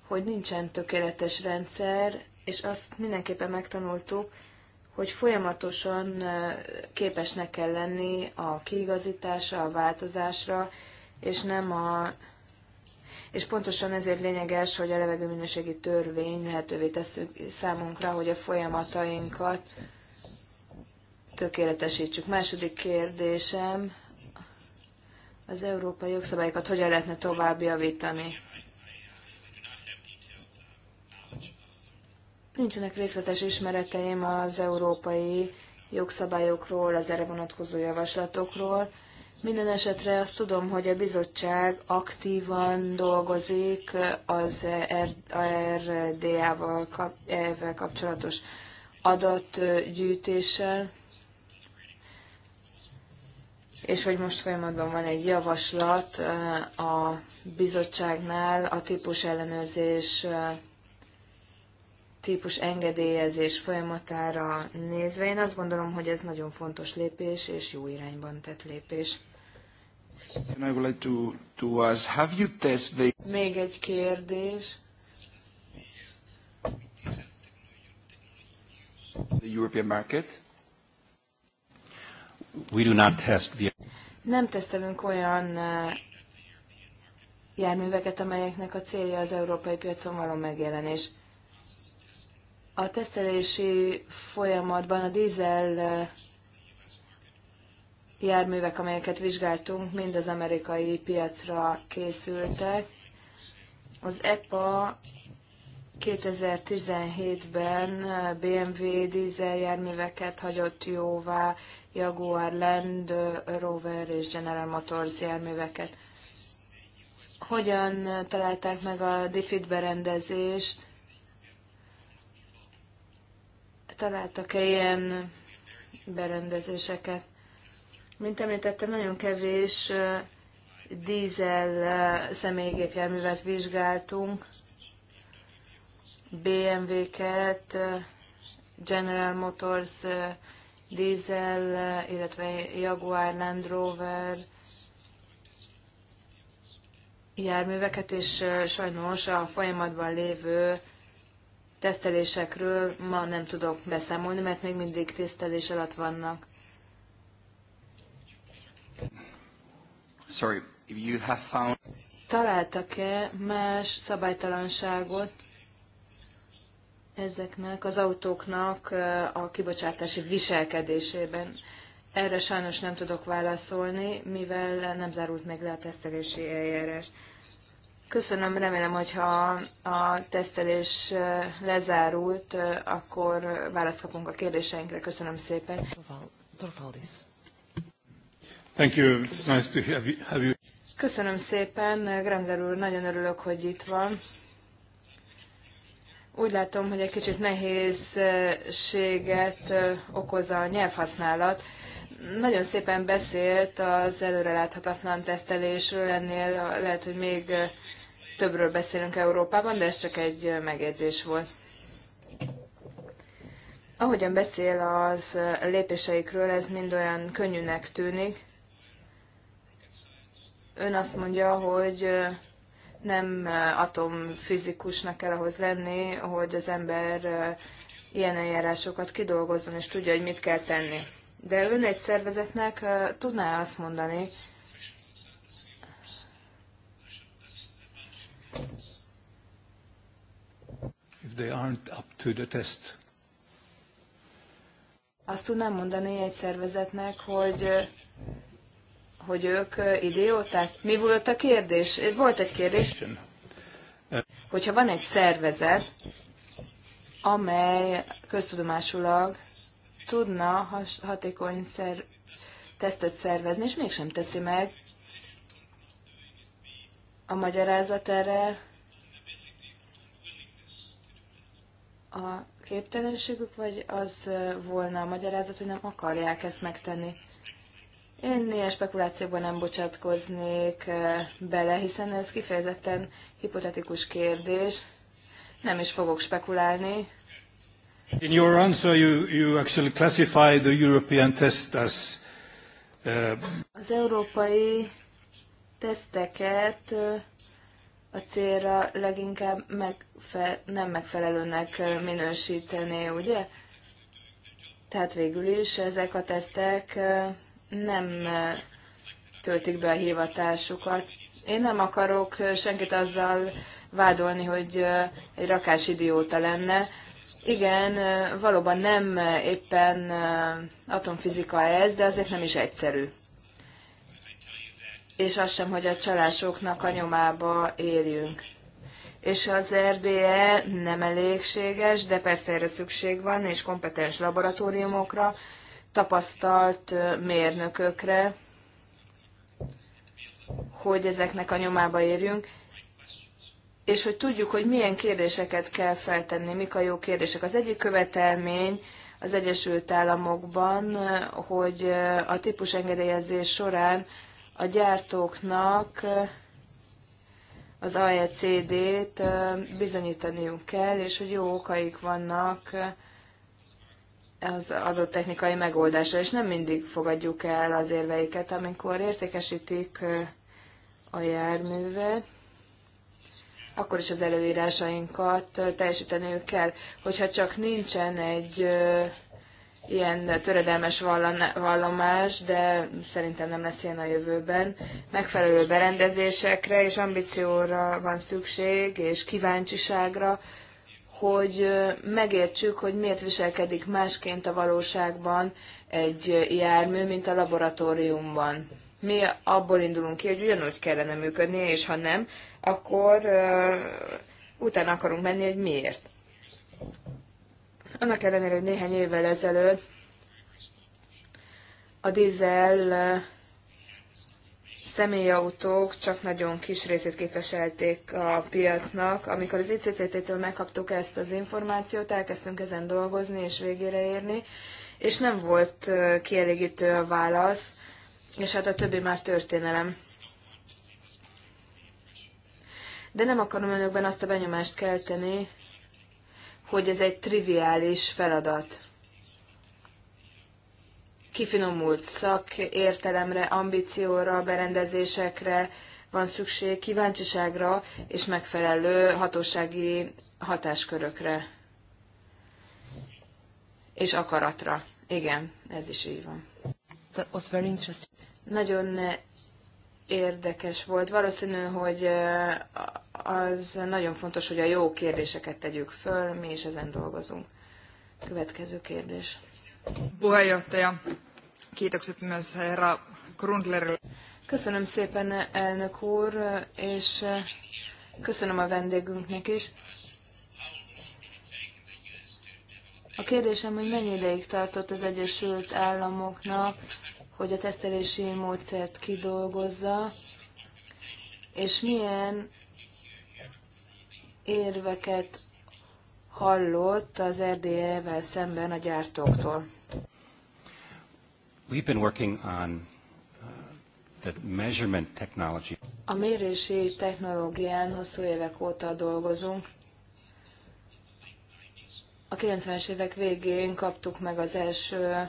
hogy nincsen tökéletes rendszer, és azt mindenképpen megtanultuk, hogy folyamatosan képesnek kell lenni a kiigazításra, a változásra, és nem a és pontosan ezért lényeges, hogy a levegőminőségi törvény lehetővé tesszük számunkra, hogy a folyamatainkat tökéletesítsük. Második kérdésem, az európai jogszabályokat hogyan lehetne tovább javítani? Nincsenek részletes ismereteim az európai jogszabályokról, az erre vonatkozó javaslatokról. Minden esetre azt tudom, hogy a bizottság aktívan dolgozik az RDA-val kapcsolatos adatgyűjtéssel, és hogy most folyamatban van egy javaslat a bizottságnál a típus ellenőrzés típus engedélyezés folyamatára nézve, én azt gondolom, hogy ez nagyon fontos lépés, és jó irányban tett lépés. Még egy kérdés. The European market. We do not test the... Nem tesztelünk olyan uh, járműveket, amelyeknek a célja az európai piacon való megjelenés. A tesztelési folyamatban a dízel eh, járművek, amelyeket vizsgáltunk, mind az amerikai piacra készültek. Az EPA 2017-ben BMW dízel járműveket, hagyott jóvá, Jaguar Land Rover és General Motors járműveket. Hogyan eh, találták meg a DFID berendezést? találtak-e ilyen berendezéseket? Mint említettem, nagyon kevés dízel személygépjárművet vizsgáltunk, BMW-ket, General Motors dízel, illetve Jaguar Land Rover járműveket, és sajnos a folyamatban lévő tesztelésekről ma nem tudok beszámolni, mert még mindig tesztelés alatt vannak. Sorry, if you have found... Találtak-e más szabálytalanságot ezeknek az autóknak a kibocsátási viselkedésében? Erre sajnos nem tudok válaszolni, mivel nem zárult meg le a tesztelési eljárás. Köszönöm, remélem, hogyha a tesztelés lezárult, akkor választ kapunk a kérdéseinkre. Köszönöm szépen. Torvaldis. Thank you. It's nice to have you. Köszönöm szépen, Grendel úr, nagyon örülök, hogy itt van. Úgy látom, hogy egy kicsit nehézséget okoz a nyelvhasználat. Nagyon szépen beszélt az előreláthatatlan tesztelésről, ennél lehet, hogy még többről beszélünk Európában, de ez csak egy megjegyzés volt. Ahogyan beszél az lépéseikről, ez mind olyan könnyűnek tűnik. Ön azt mondja, hogy nem atomfizikusnak kell ahhoz lenni, hogy az ember ilyen eljárásokat kidolgozzon, és tudja, hogy mit kell tenni. De ön egy szervezetnek tudná azt mondani, they aren't up to the test. Azt tudnám mondani egy szervezetnek, hogy hogy ők idióták? Mi volt a kérdés? Volt egy kérdés. Hogyha van egy szervezet, amely köztudomásulag tudna hatékony szer, tesztet szervezni, és mégsem teszi meg, a magyarázat erre a képtelenségük, vagy az volna a magyarázat, hogy nem akarják ezt megtenni? Én ilyen spekulációban nem bocsátkoznék bele, hiszen ez kifejezetten hipotetikus kérdés. Nem is fogok spekulálni. In your answer you, you actually classify the European test as uh... az európai teszteket a célra leginkább megfe- nem megfelelőnek minősíteni, ugye? Tehát végül is ezek a tesztek nem töltik be a hivatásukat. Én nem akarok senkit azzal vádolni, hogy egy rakás idióta lenne. Igen, valóban nem éppen atomfizika ez, de azért nem is egyszerű és az sem, hogy a csalásoknak a nyomába éljünk. És az RDE nem elégséges, de persze erre szükség van, és kompetens laboratóriumokra, tapasztalt mérnökökre, hogy ezeknek a nyomába érjünk, és hogy tudjuk, hogy milyen kérdéseket kell feltenni, mik a jó kérdések. Az egyik követelmény az Egyesült Államokban, hogy a típusengedélyezés során a gyártóknak az AECD-t bizonyítaniuk kell, és hogy jó okaik vannak az adott technikai megoldásra, és nem mindig fogadjuk el az érveiket, amikor értékesítik a járművet, akkor is az előírásainkat teljesíteniük kell. Hogyha csak nincsen egy ilyen töredelmes vallomás, de szerintem nem lesz ilyen a jövőben. Megfelelő berendezésekre és ambícióra van szükség, és kíváncsiságra, hogy megértsük, hogy miért viselkedik másként a valóságban egy jármű, mint a laboratóriumban. Mi abból indulunk ki, hogy ugyanúgy kellene működni, és ha nem, akkor uh, utána akarunk menni, hogy miért. Annak ellenére, hogy néhány évvel ezelőtt a dízel uh, személyautók csak nagyon kis részét képeselték a piacnak. Amikor az ICTT-től megkaptuk ezt az információt, elkezdtünk ezen dolgozni és végére érni, és nem volt uh, kielégítő a válasz, és hát a többi már történelem. De nem akarom önökben azt a benyomást kelteni, hogy ez egy triviális feladat. Kifinomult szakértelemre, ambícióra, berendezésekre van szükség, kíváncsiságra és megfelelő hatósági hatáskörökre. És akaratra. Igen, ez is így van. That was very interesting. Nagyon érdekes volt. Valószínű, hogy az nagyon fontos, hogy a jó kérdéseket tegyük föl, mi is ezen dolgozunk. Következő kérdés. Puheenjohtaja, kiitokset myös herra Grundlerille. Köszönöm szépen, elnök úr, és köszönöm a vendégünknek is. A kérdésem, hogy mennyi ideig tartott az Egyesült Államoknak, hogy a tesztelési módszert kidolgozza, és milyen érveket hallott az RDE-vel szemben a gyártóktól. We've been working on uh, the measurement technology. A mérési technológián hosszú évek óta dolgozunk. A 90-es évek végén kaptuk meg az első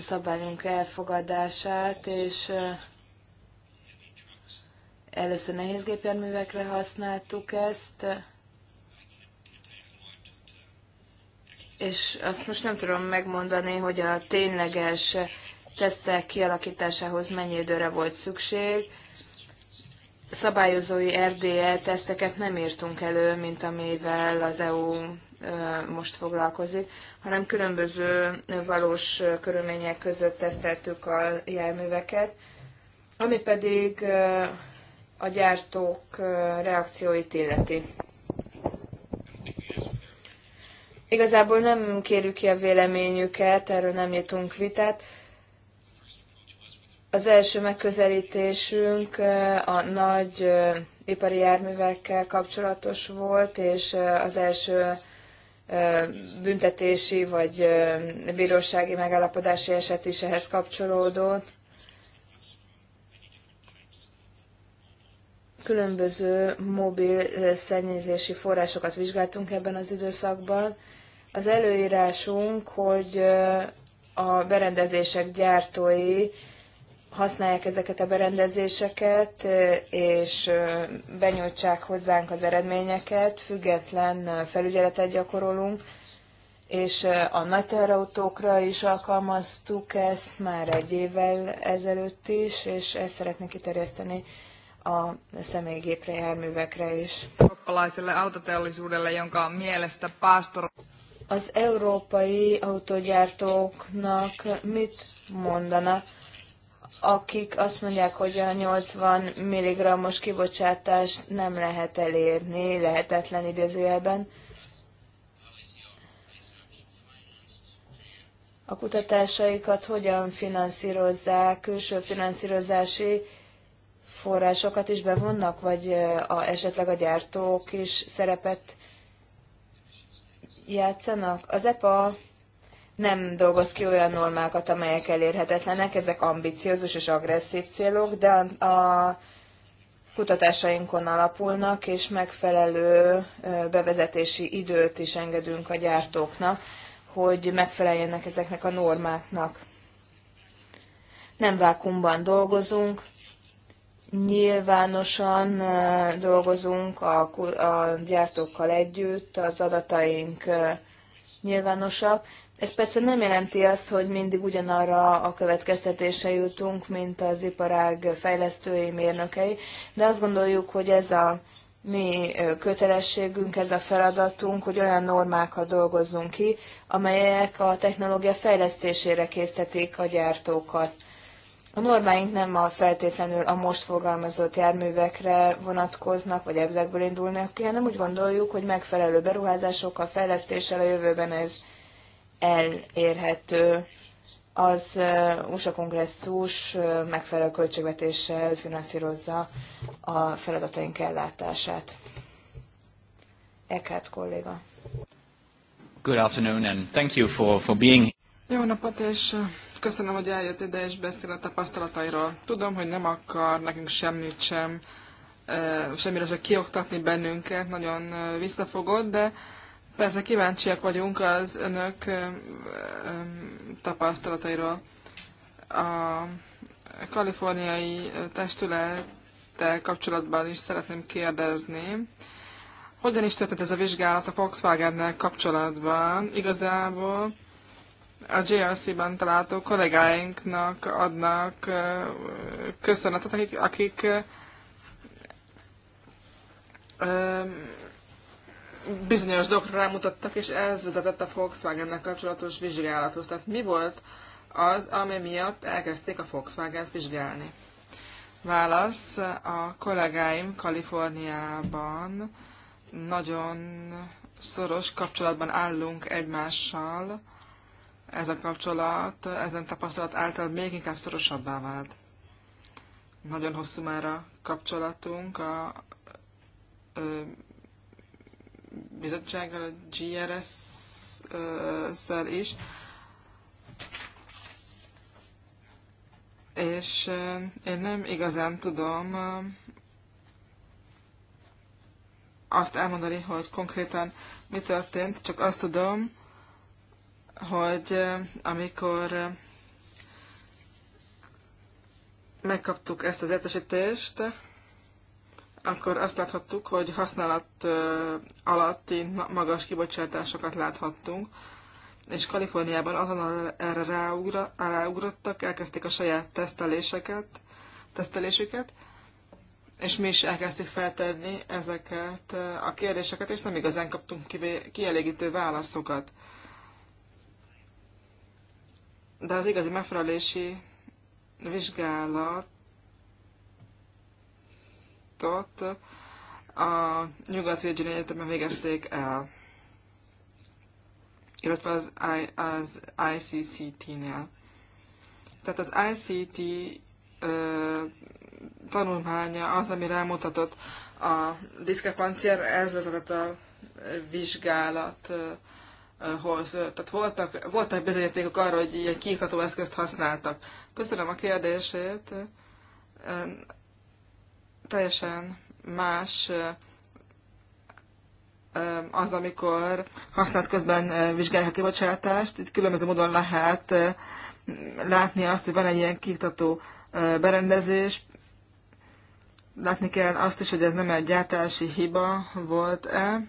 szabályunk elfogadását, és eh, először nehéz gépjárművekre használtuk ezt, és azt most nem tudom megmondani, hogy a tényleges tesztek kialakításához mennyi időre volt szükség. Szabályozói RDE teszteket nem írtunk elő, mint amivel az EU eh, most foglalkozik hanem különböző valós körülmények között teszteltük a járműveket, ami pedig a gyártók reakcióit illeti. Igazából nem kérjük ki a véleményüket, erről nem nyitunk vitát. Az első megközelítésünk a nagy ipari járművekkel kapcsolatos volt, és az első büntetési vagy bírósági megállapodási eset is ehhez kapcsolódott. Különböző mobil szennyezési forrásokat vizsgáltunk ebben az időszakban. Az előírásunk, hogy a berendezések gyártói használják ezeket a berendezéseket, és benyújtsák hozzánk az eredményeket, független felügyeletet gyakorolunk, és a nagy teherautókra is alkalmaztuk ezt már egy évvel ezelőtt is, és ezt szeretnék kiterjeszteni a személygépre, járművekre is. Az európai autogyártóknak mit mondanak? akik azt mondják, hogy a 80 mg-os kibocsátást nem lehet elérni, lehetetlen idézőjelben. A kutatásaikat hogyan finanszírozzák, külső finanszírozási forrásokat is bevonnak, vagy a, esetleg a gyártók is szerepet játszanak? Az EPA nem dolgoz ki olyan normákat, amelyek elérhetetlenek, ezek ambiciózus és agresszív célok, de a kutatásainkon alapulnak, és megfelelő bevezetési időt is engedünk a gyártóknak, hogy megfeleljenek ezeknek a normáknak. Nem vákumban dolgozunk, nyilvánosan dolgozunk a, a gyártókkal együtt, az adataink nyilvánosak, ez persze nem jelenti azt, hogy mindig ugyanarra a következtetése jutunk, mint az iparág fejlesztői, mérnökei, de azt gondoljuk, hogy ez a mi kötelességünk, ez a feladatunk, hogy olyan normákat dolgozzunk ki, amelyek a technológia fejlesztésére késztetik a gyártókat. A normáink nem a feltétlenül a most forgalmazott járművekre vonatkoznak, vagy ezekből indulnak ki, hanem úgy gondoljuk, hogy megfelelő beruházásokkal, fejlesztéssel a jövőben ez elérhető az USA kongresszus megfelelő költségvetéssel finanszírozza a feladataink ellátását. Eckhart kolléga. Good afternoon and thank you for, for being Jó napot, és köszönöm, hogy eljött ide és beszél a tapasztalatairól. Tudom, hogy nem akar nekünk semmit sem, semmire sem kioktatni bennünket, nagyon visszafogott, de Persze kíváncsiak vagyunk az önök tapasztalatairól. A kaliforniai testülettel kapcsolatban is szeretném kérdezni. Hogyan is történt ez a vizsgálat a Volkswagennel kapcsolatban? Igazából a JRC-ben található kollégáinknak adnak köszönetet, akik, akik bizonyos dokra rámutattak, és ez vezetett a volkswagen nek kapcsolatos vizsgálathoz. Tehát mi volt az, ami miatt elkezdték a Volkswagen-t vizsgálni? Válasz, a kollégáim Kaliforniában nagyon szoros kapcsolatban állunk egymással. Ez a kapcsolat, ezen tapasztalat által még inkább szorosabbá vált. Nagyon hosszú már a kapcsolatunk, a bizottsággal, a GRS-szel is. És eh, én nem igazán tudom eh, azt elmondani, hogy konkrétan mi történt, csak azt tudom, hogy eh, amikor megkaptuk ezt az értesítést, akkor azt láthattuk, hogy használat alatti magas kibocsátásokat láthattunk, és Kaliforniában azonnal erre ráugra, ráugrottak, elkezdték a saját teszteléseket, tesztelésüket, és mi is elkezdtük feltenni ezeket a kérdéseket, és nem igazán kaptunk kielégítő válaszokat. De az igazi megfelelési vizsgálat vizsgálatot a Nyugat-Virginia Egyetemen végezték el, illetve az, I, az ICCT-nél. Tehát az ICT ö, tanulmánya az, ami rámutatott a diszkrepanciára, ez vezetett a vizsgálathoz. Tehát voltak, voltak bizonyítékok arra, hogy ilyen kiiktató eszközt használtak. Köszönöm a kérdését teljesen más az, amikor használt közben vizsgálják a kibocsátást. Itt különböző módon lehet látni azt, hogy van egy ilyen kiktató berendezés. Látni kell azt is, hogy ez nem egy gyártási hiba volt-e.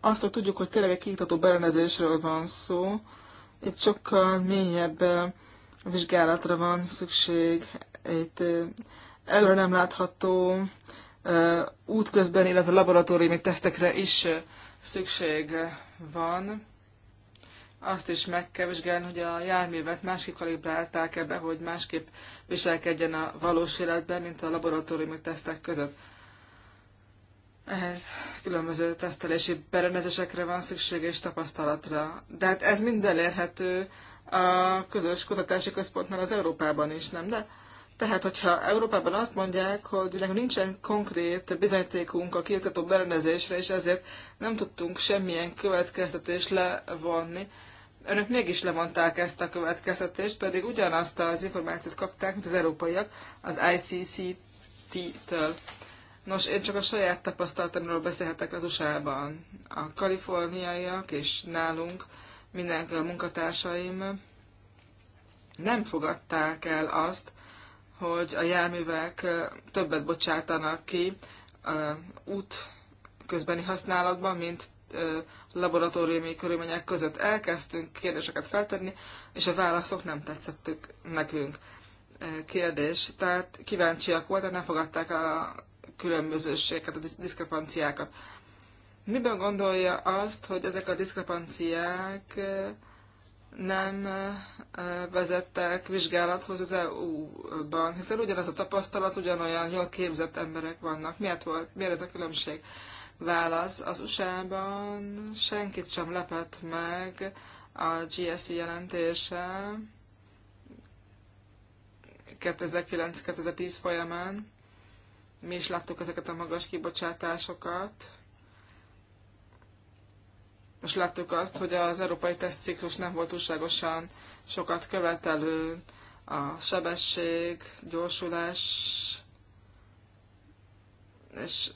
Azt, hogy tudjuk, hogy tényleg egy kiktató berendezésről van szó, itt sokkal mélyebb vizsgálatra van szükség. Itt előre nem látható útközben, illetve laboratóriumi tesztekre is szükség van. Azt is meg kell vizsgálni, hogy a járművet másképp kalibrálták ebbe, hogy másképp viselkedjen a valós életben, mint a laboratóriumi tesztek között. Ehhez különböző tesztelési berendezésekre van szükség és tapasztalatra. De hát ez mind elérhető a közös kutatási központnál az Európában is, nem? De tehát, hogyha Európában azt mondják, hogy nekünk nincsen konkrét bizonyítékunk a kiirtató berendezésre, és ezért nem tudtunk semmilyen következtetést levonni, önök mégis levonták ezt a következtetést, pedig ugyanazt az információt kapták, mint az európaiak az ICCT-től. Nos, én csak a saját tapasztalatomról beszélhetek az USA-ban. A kaliforniaiak és nálunk mindenki a munkatársaim nem fogadták el azt, hogy a járművek többet bocsátanak ki út közbeni használatban, mint laboratóriumi körülmények között elkezdtünk kérdéseket feltenni, és a válaszok nem tetszettük nekünk. Kérdés, tehát kíváncsiak voltak, nem fogadták el a különbözőséget, a diszkrepanciákat. Miben gondolja azt, hogy ezek a diszkrepanciák nem vezettek vizsgálathoz az EU-ban, hiszen ugyanaz a tapasztalat, ugyanolyan jól képzett emberek vannak. Miért, volt, miért ez a különbség? Válasz, az USA-ban senkit sem lepett meg a GSC jelentése 2009-2010 folyamán. Mi is láttuk ezeket a magas kibocsátásokat, most láttuk azt, hogy az európai tesztciklus nem volt túlságosan sokat követelő, a sebesség, gyorsulás, és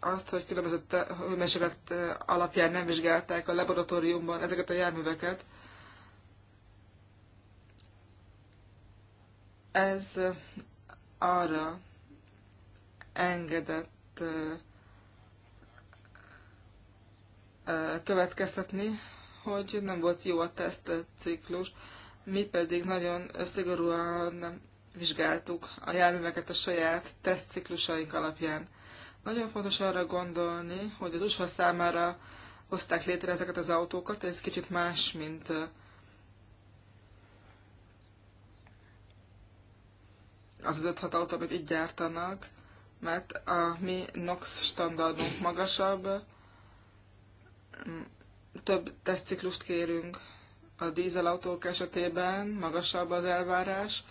azt, hogy különböző hőmérséklet alapján nem vizsgálták a laboratóriumban ezeket a járműveket, ez arra engedett következtetni, hogy nem volt jó a tesztciklus, mi pedig nagyon szigorúan vizsgáltuk a járműveket a saját tesztciklusaink alapján. Nagyon fontos arra gondolni, hogy az USA számára hozták létre ezeket az autókat, ez kicsit más, mint az az 5-6 autó, amit itt gyártanak, mert a mi NOx standardunk magasabb, több tesztciklust kérünk a dízelautók esetében, magasabb az elvárás,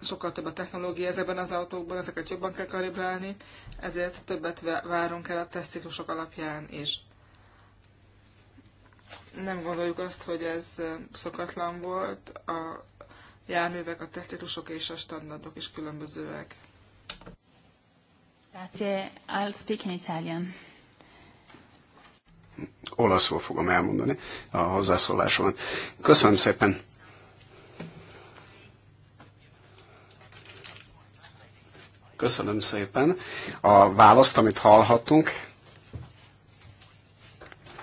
sokkal több a technológia ezekben az autókban, ezeket jobban kell kalibrálni, ezért többet várunk el a tesztciklusok alapján is. Nem gondoljuk azt, hogy ez szokatlan volt, a járművek, a tesztciklusok és a standardok is különbözőek. Grazie, I'll speak in Italian. Olaszul fogom elmondani a hozzászólásomat. Köszönöm szépen! Köszönöm szépen a választ, amit hallhattunk.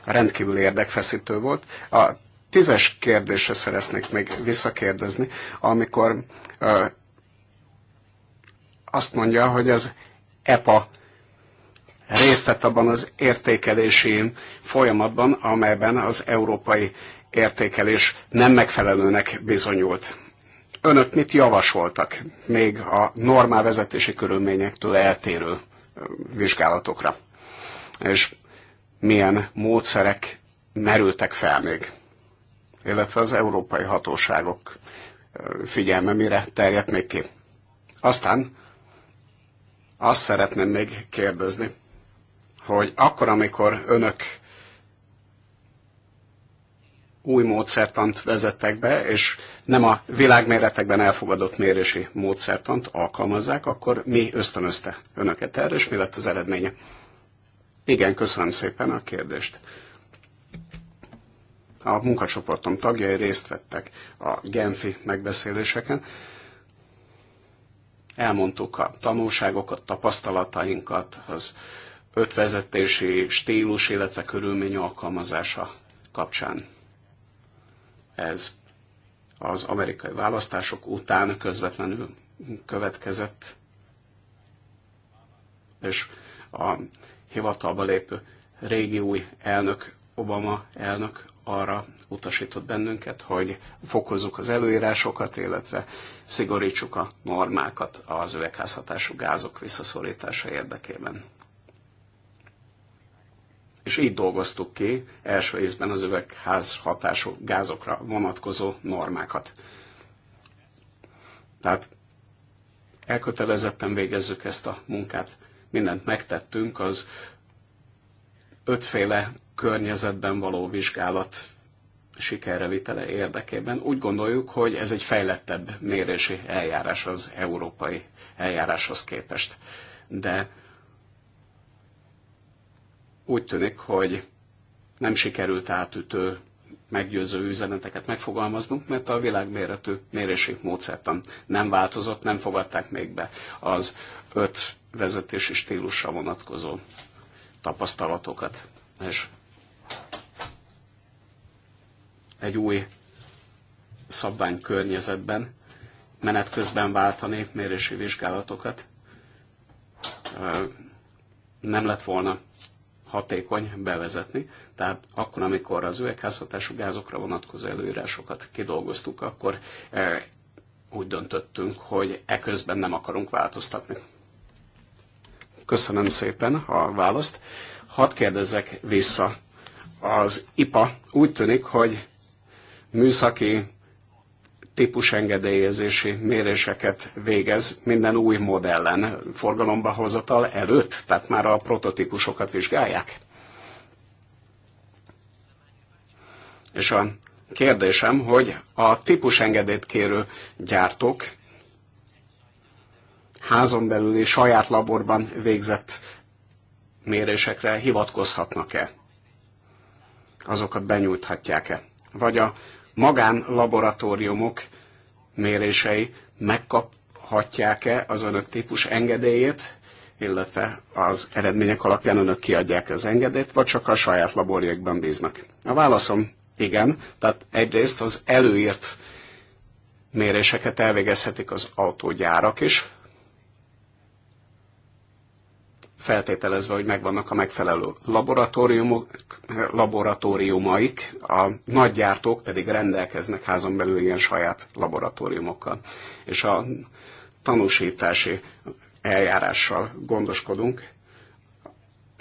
Rendkívül érdekfeszítő volt. A tízes kérdésre szeretnék még visszakérdezni, amikor ö, azt mondja, hogy az EPA részt vett abban az értékelési folyamatban, amelyben az európai értékelés nem megfelelőnek bizonyult. Önök mit javasoltak még a normál vezetési körülményektől eltérő vizsgálatokra? És milyen módszerek merültek fel még? Illetve az európai hatóságok figyelme mire terjedt még ki? Aztán azt szeretném még kérdezni, hogy akkor, amikor önök új módszertant vezettek be, és nem a világméretekben elfogadott mérési módszertant alkalmazzák, akkor mi ösztönözte önöket erre, és mi lett az eredménye? Igen, köszönöm szépen a kérdést. A munkacsoportom tagjai részt vettek a Genfi megbeszéléseken. Elmondtuk a tanulságokat, tapasztalatainkat, az ötvezetési stílus, illetve körülmény alkalmazása kapcsán. Ez az amerikai választások után közvetlenül következett, és a hivatalba lépő régi új elnök, Obama elnök arra utasított bennünket, hogy fokozzuk az előírásokat, illetve szigorítsuk a normákat az üvegházhatású gázok visszaszorítása érdekében. És így dolgoztuk ki első részben az üvegház hatású gázokra vonatkozó normákat. Tehát elkötelezetten végezzük ezt a munkát. Mindent megtettünk az ötféle környezetben való vizsgálat sikerrevitele érdekében. Úgy gondoljuk, hogy ez egy fejlettebb mérési eljárás az európai eljáráshoz képest. De úgy tűnik, hogy nem sikerült átütő meggyőző üzeneteket megfogalmaznunk, mert a világméretű mérési módszertan nem változott, nem fogadták még be az öt vezetési stílusra vonatkozó tapasztalatokat. És egy új szabvány környezetben menet közben váltani mérési vizsgálatokat nem lett volna hatékony bevezetni. Tehát akkor, amikor az üvegházhatású gázokra vonatkozó előírásokat kidolgoztuk, akkor e, úgy döntöttünk, hogy eközben nem akarunk változtatni. Köszönöm szépen a választ. Hadd kérdezzek vissza. Az IPA úgy tűnik, hogy műszaki típusengedélyezési méréseket végez minden új modellen forgalomba hozatal előtt, tehát már a prototípusokat vizsgálják. És a kérdésem, hogy a típusengedélyt kérő gyártók házon belüli saját laborban végzett mérésekre hivatkozhatnak-e? Azokat benyújthatják-e? Vagy a magánlaboratóriumok mérései megkaphatják-e az önök típus engedélyét, illetve az eredmények alapján önök kiadják az engedélyt, vagy csak a saját laborjaikban bíznak? A válaszom igen, tehát egyrészt az előírt méréseket elvégezhetik az autógyárak is, feltételezve, hogy megvannak a megfelelő laboratóriumok, laboratóriumaik, a nagy gyártók pedig rendelkeznek házon belül ilyen saját laboratóriumokkal. És a tanúsítási eljárással gondoskodunk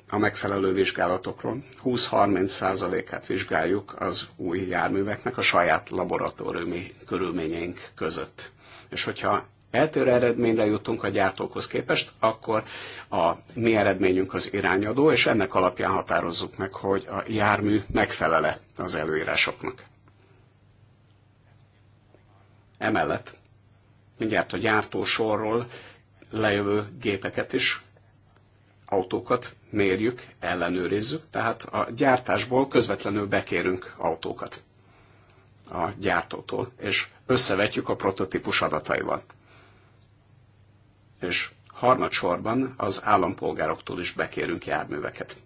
a megfelelő vizsgálatokról. 20-30%-át vizsgáljuk az új járműveknek a saját laboratóriumi körülményeink között. És hogyha eltérő eredményre jutunk a gyártókhoz képest, akkor a mi eredményünk az irányadó, és ennek alapján határozzuk meg, hogy a jármű megfelele az előírásoknak. Emellett mindjárt a gyártósorról lejövő gépeket is, autókat mérjük, ellenőrizzük, tehát a gyártásból közvetlenül bekérünk autókat a gyártótól, és összevetjük a prototípus adataival és harmadsorban az állampolgároktól is bekérünk járműveket,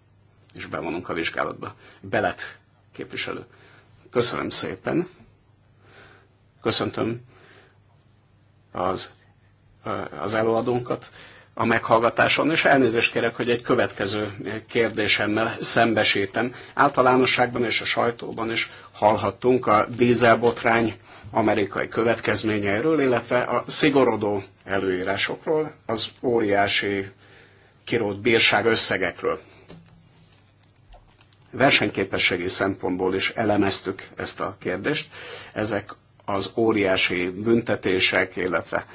és bevonunk a vizsgálatba. Belet képviselő. Köszönöm szépen. Köszöntöm az, az előadónkat a meghallgatáson, és elnézést kérek, hogy egy következő kérdésemmel szembesítem. Általánosságban és a sajtóban is hallhattunk a dízelbotrány amerikai következményeiről, illetve a szigorodó előírásokról, az óriási kirót bírság összegekről. Versenyképességi szempontból is elemeztük ezt a kérdést. Ezek az óriási büntetések, illetve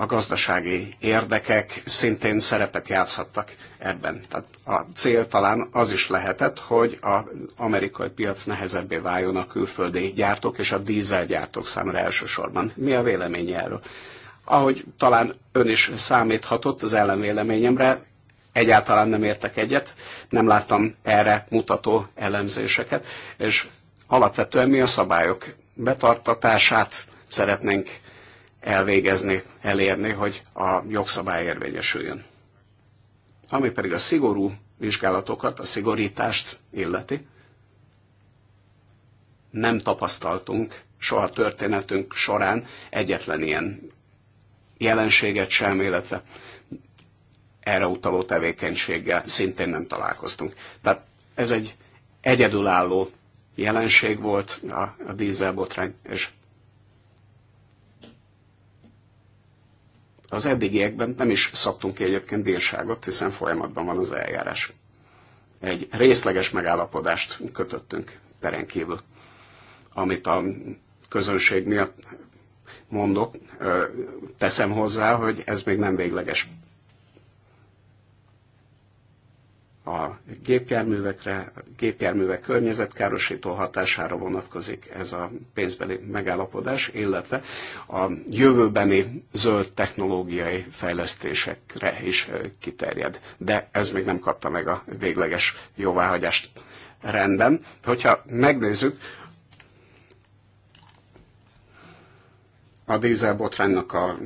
a gazdasági érdekek szintén szerepet játszhattak ebben. Tehát a cél talán az is lehetett, hogy az amerikai piac nehezebbé váljon a külföldi gyártók és a dízelgyártók számára elsősorban. Mi a véleménye erről? Ahogy talán ön is számíthatott az ellenvéleményemre, egyáltalán nem értek egyet, nem láttam erre mutató elemzéseket, és alapvetően mi a szabályok betartatását szeretnénk elvégezni, elérni, hogy a jogszabály érvényesüljön. Ami pedig a szigorú vizsgálatokat, a szigorítást illeti, nem tapasztaltunk soha történetünk során egyetlen ilyen jelenséget sem, illetve erre utaló tevékenységgel szintén nem találkoztunk. Tehát ez egy egyedülálló jelenség volt a, a dízelbotrány, és Az eddigiekben nem is szabtunk ki egyébként bírságot, hiszen folyamatban van az eljárás. Egy részleges megállapodást kötöttünk peren kívül, amit a közönség miatt mondok, teszem hozzá, hogy ez még nem végleges a gépjárművekre, a gépjárművek környezetkárosító hatására vonatkozik ez a pénzbeli megállapodás, illetve a jövőbeni zöld technológiai fejlesztésekre is kiterjed. De ez még nem kapta meg a végleges jóváhagyást rendben. Hogyha megnézzük, a dízelbotránynak a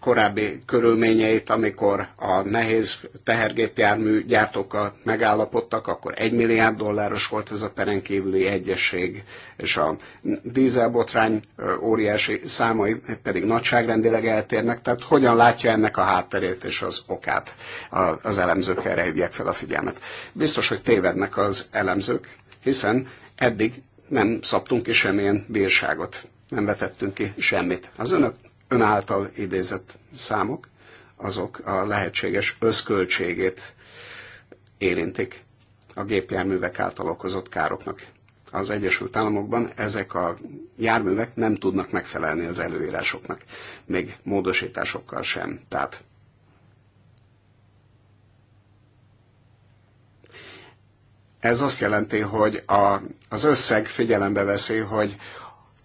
korábbi körülményeit, amikor a nehéz tehergépjármű gyártókkal megállapodtak, akkor 1 milliárd dolláros volt ez a perenkívüli egyesség, és a dízelbotrány óriási számai pedig nagyságrendileg eltérnek, tehát hogyan látja ennek a hátterét és az okát az elemzők erre hívják fel a figyelmet. Biztos, hogy tévednek az elemzők, hiszen eddig nem szabtunk ki semmilyen bírságot nem vetettünk ki semmit. Az önök ön által idézett számok, azok a lehetséges összköltségét érintik a gépjárművek által okozott károknak. Az Egyesült Államokban ezek a járművek nem tudnak megfelelni az előírásoknak, még módosításokkal sem. Tehát ez azt jelenti, hogy a, az összeg figyelembe veszi, hogy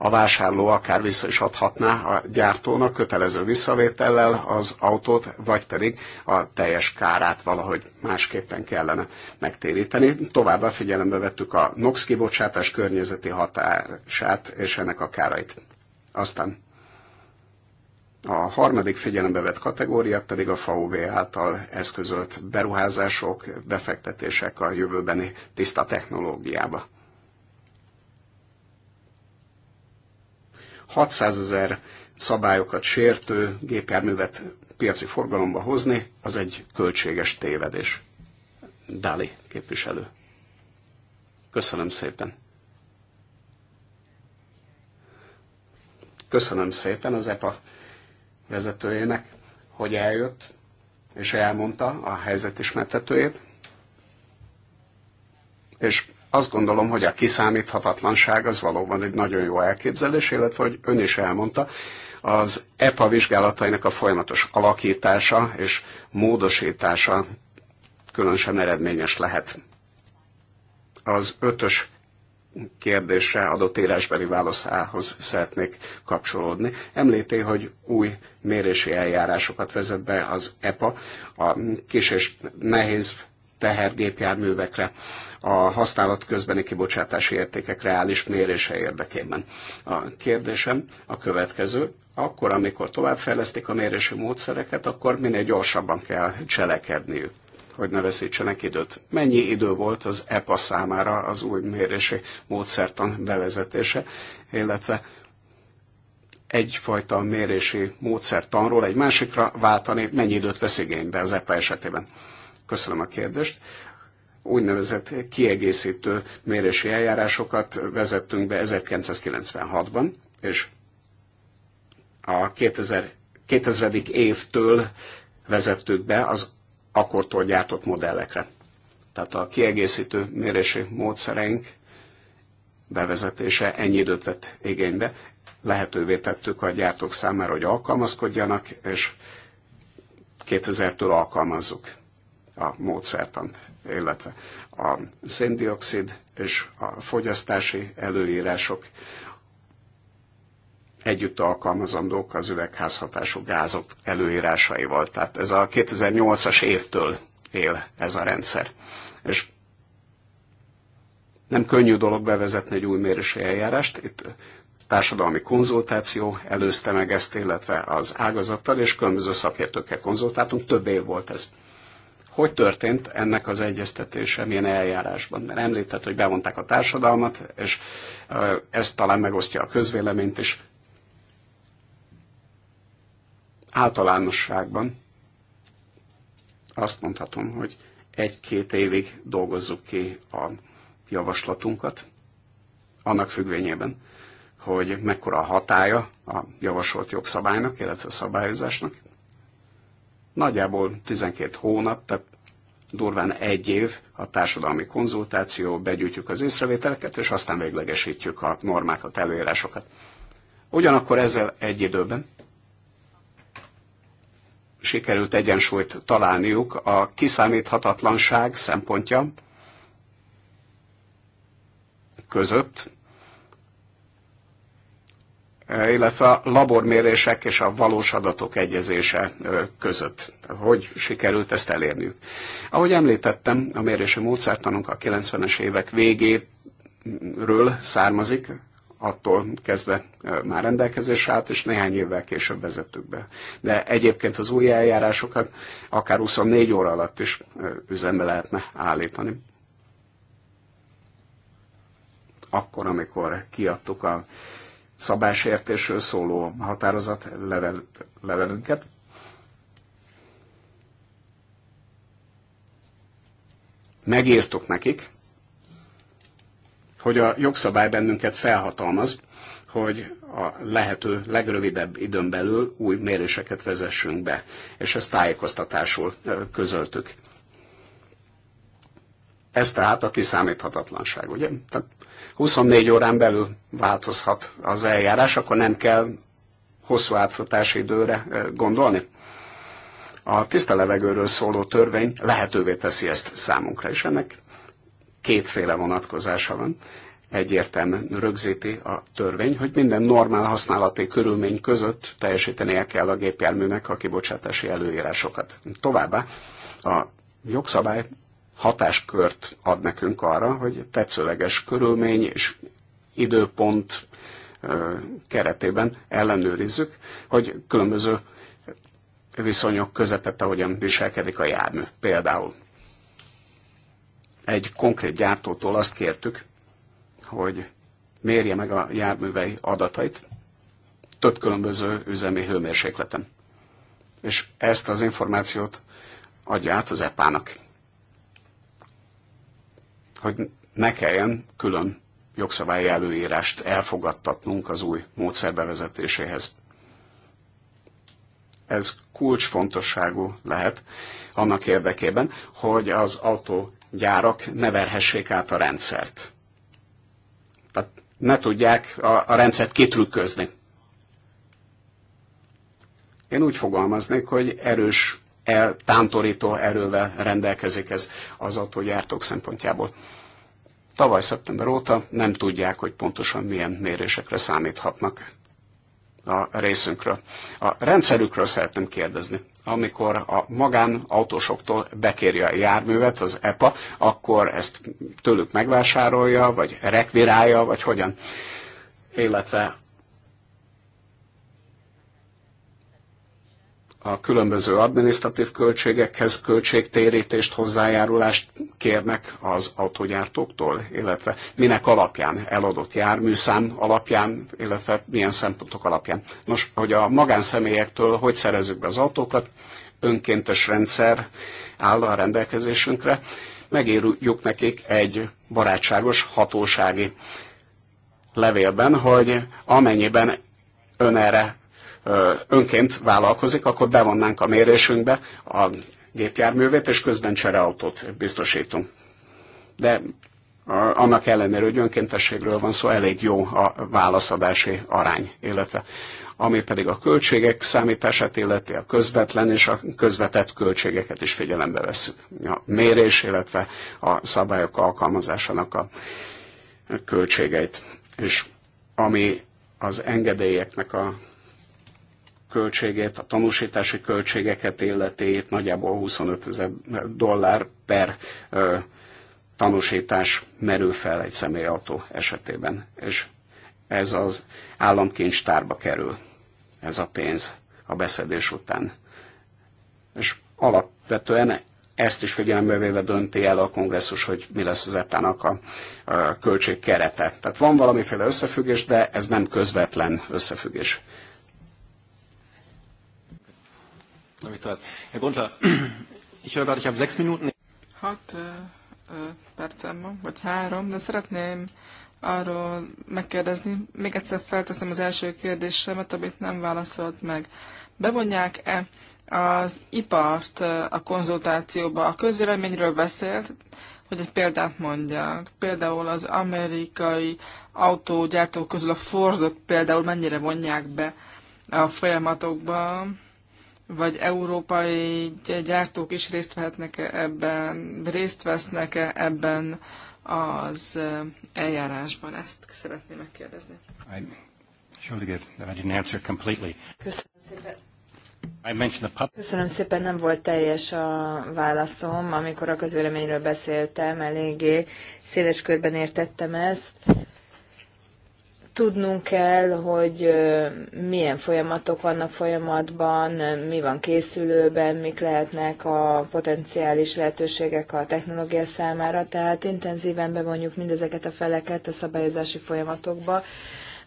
a vásárló akár vissza is adhatná a gyártónak kötelező visszavétellel az autót, vagy pedig a teljes kárát valahogy másképpen kellene megtéríteni. Továbbá figyelembe vettük a NOx kibocsátás környezeti hatását és ennek a kárait. Aztán a harmadik figyelembe vett kategória pedig a FAUV által eszközölt beruházások, befektetések a jövőbeni tiszta technológiába. 600 ezer szabályokat sértő gépjárművet piaci forgalomba hozni, az egy költséges tévedés. Dali képviselő. Köszönöm szépen. Köszönöm szépen az EPA vezetőjének, hogy eljött és elmondta a helyzet ismertetőjét. És azt gondolom, hogy a kiszámíthatatlanság az valóban egy nagyon jó elképzelés, illetve, hogy ön is elmondta, az EPA vizsgálatainak a folyamatos alakítása és módosítása különösen eredményes lehet. Az ötös kérdésre adott írásbeli válaszához szeretnék kapcsolódni. Említi, hogy új mérési eljárásokat vezet be az EPA a kis és nehéz tehergépjárművekre a használat közbeni kibocsátási értékek reális mérése érdekében. A kérdésem a következő. Akkor, amikor továbbfejlesztik a mérési módszereket, akkor minél gyorsabban kell cselekedniük hogy ne veszítsenek időt. Mennyi idő volt az EPA számára az új mérési módszertan bevezetése, illetve egyfajta mérési módszertanról egy másikra váltani, mennyi időt vesz igénybe az EPA esetében? Köszönöm a kérdést. Úgynevezett kiegészítő mérési eljárásokat vezettünk be 1996-ban, és a 2000, 2000. évtől vezettük be az akkortól gyártott modellekre. Tehát a kiegészítő mérési módszereink bevezetése ennyi időt vett igénybe. Lehetővé tettük a gyártók számára, hogy alkalmazkodjanak, és 2000-től alkalmazzuk a módszertant, illetve a széndiokszid és a fogyasztási előírások együtt alkalmazandók az üvegházhatású gázok előírásaival. Tehát ez a 2008-as évtől él ez a rendszer. És nem könnyű dolog bevezetni egy új mérési eljárást. Itt társadalmi konzultáció előzte meg ezt, illetve az ágazattal, és különböző szakértőkkel konzultáltunk. Több év volt ez hogy történt ennek az egyeztetése, milyen eljárásban? Mert említett, hogy bevonták a társadalmat, és ez talán megosztja a közvéleményt is. Általánosságban azt mondhatom, hogy egy-két évig dolgozzuk ki a javaslatunkat, annak függvényében, hogy mekkora a hatája a javasolt jogszabálynak, illetve a szabályozásnak, Nagyjából 12 hónap, tehát durván egy év a társadalmi konzultáció, begyűjtjük az észrevételeket, és aztán véglegesítjük a normákat, előírásokat. Ugyanakkor ezzel egy időben sikerült egyensúlyt találniuk a kiszámíthatatlanság szempontja között, Eh, illetve a labormérések és a valós adatok egyezése eh, között. Hogy sikerült ezt elérniük? Ahogy említettem, a mérési módszertanunk a 90-es évek végéről származik, attól kezdve eh, már rendelkezés állt, és néhány évvel később vezettük be. De egyébként az új eljárásokat akár 24 óra alatt is üzembe lehetne állítani. Akkor, amikor kiadtuk a szabásértésről szóló határozat level, levelünket. Megírtuk nekik, hogy a jogszabály bennünket felhatalmaz, hogy a lehető legrövidebb időn belül új méréseket vezessünk be, és ezt tájékoztatásul közöltük. Ez tehát a kiszámíthatatlanság, ugye? Tehát 24 órán belül változhat az eljárás, akkor nem kell hosszú átfutási időre gondolni. A tiszta levegőről szóló törvény lehetővé teszi ezt számunkra, és ennek kétféle vonatkozása van. Egyértelműen rögzíti a törvény, hogy minden normál használati körülmény között teljesítenie kell a gépjárműnek a kibocsátási előírásokat. Továbbá a jogszabály hatáskört ad nekünk arra, hogy tetszőleges körülmény és időpont keretében ellenőrizzük, hogy különböző viszonyok közepette hogyan viselkedik a jármű. Például egy konkrét gyártótól azt kértük, hogy mérje meg a járművei adatait több különböző üzemi hőmérsékleten. És ezt az információt adja át az EPA-nak hogy ne kelljen külön jogszabályi előírást elfogadtatnunk az új módszer bevezetéséhez. Ez kulcsfontosságú lehet annak érdekében, hogy az autógyárak ne verhessék át a rendszert. Tehát ne tudják a, a rendszert kitrükközni. Én úgy fogalmaznék, hogy erős tántorító erővel rendelkezik ez az autógyártók szempontjából. Tavaly szeptember óta nem tudják, hogy pontosan milyen mérésekre számíthatnak a részünkről. A rendszerükről szeretném kérdezni. Amikor a magánautósoktól bekérje a járművet az EPA, akkor ezt tőlük megvásárolja, vagy rekvirálja, vagy hogyan? Illetve a különböző adminisztratív költségekhez költségtérítést, hozzájárulást kérnek az autógyártóktól, illetve minek alapján, eladott járműszám alapján, illetve milyen szempontok alapján. Nos, hogy a magánszemélyektől hogy szerezzük be az autókat, önkéntes rendszer áll a rendelkezésünkre, megírjuk nekik egy barátságos hatósági levélben, hogy amennyiben ön erre önként vállalkozik, akkor bevonnánk a mérésünkbe a gépjárművét, és közben csereautót biztosítunk. De annak ellenére, hogy önkéntességről van szó, elég jó a válaszadási arány, illetve ami pedig a költségek számítását illeti, a közvetlen és a közvetett költségeket is figyelembe veszük. A mérés, illetve a szabályok alkalmazásának a költségeit. És ami az engedélyeknek a költségét, a tanúsítási költségeket illeti, itt nagyjából 25 ezer dollár per ö, tanúsítás merül fel egy személyautó esetében, és ez az államkincstárba kerül, ez a pénz a beszedés után. És alapvetően ezt is figyelembe véve dönti el a kongresszus, hogy mi lesz az etának a, a költség kerete. Tehát van valamiféle összefüggés, de ez nem közvetlen összefüggés. Habe ich Zeit. Herr Gunther, ich höre gerade, ich habe sechs Minuten. Hat äh, percem van, vagy három, de szeretném arról megkérdezni, még egyszer felteszem az első kérdésemet, amit nem válaszolt meg. Bevonják-e az ipart a konzultációba? A közvéleményről beszélt, hogy egy példát mondjak. Például az amerikai autógyártók közül a Fordot például mennyire vonják be a folyamatokba, vagy európai gyártók is részt vehetnek -e ebben, részt vesznek-e ebben az eljárásban? Ezt szeretném megkérdezni. Köszönöm szépen. nem volt teljes a válaszom, amikor a közöleményről beszéltem, eléggé széles körben értettem ezt tudnunk kell, hogy milyen folyamatok vannak folyamatban, mi van készülőben, mik lehetnek a potenciális lehetőségek a technológia számára, tehát intenzíven bevonjuk mindezeket a feleket a szabályozási folyamatokba.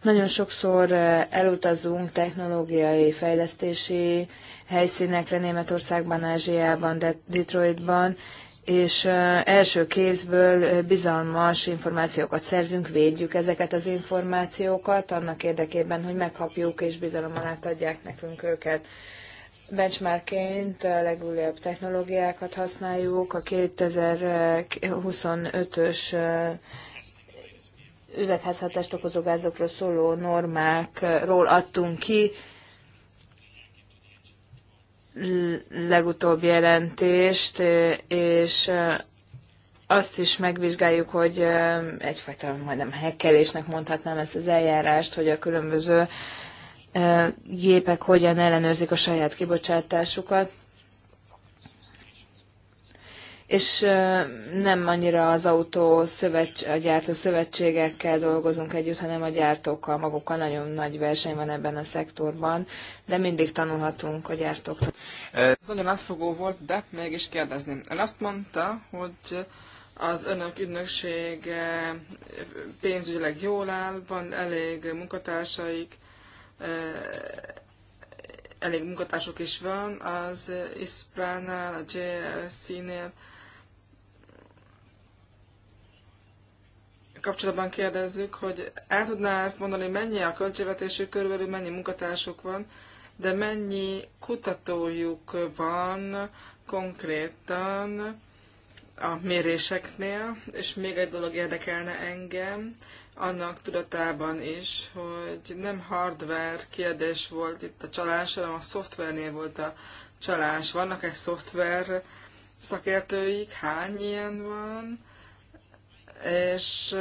Nagyon sokszor elutazunk technológiai fejlesztési helyszínekre Németországban, Ázsiában, Detroitban, és első kézből bizalmas információkat szerzünk, védjük ezeket az információkat annak érdekében, hogy megkapjuk és bizalom alá adják nekünk őket. Benchmarkként a legújabb technológiákat használjuk, a 2025-ös üvegházhatást okozó gázokról szóló normákról adtunk ki legutóbbi jelentést, és azt is megvizsgáljuk, hogy egyfajta majdnem hekkelésnek mondhatnám ezt az eljárást, hogy a különböző gépek hogyan ellenőrzik a saját kibocsátásukat és nem annyira az autó szövetség, a gyártó szövetségekkel dolgozunk együtt, hanem a gyártókkal magukkal. Nagyon nagy verseny van ebben a szektorban, de mindig tanulhatunk a gyártóktól. Ez nagyon átfogó volt, de mégis kérdezni. Ön azt mondta, hogy az önök ügynöksége pénzügyileg jól áll, van elég munkatársaik, elég munkatársuk is van az ISPRA-nál, a JRC-nél, kapcsolatban kérdezzük, hogy el tudná ezt mondani, mennyi a költségvetésük, körülbelül mennyi munkatársuk van, de mennyi kutatójuk van konkrétan a méréseknél, és még egy dolog érdekelne engem, annak tudatában is, hogy nem hardware kérdés volt itt a csalás, hanem a szoftvernél volt a csalás. Vannak-e szoftver szakértőik? Hány ilyen van? és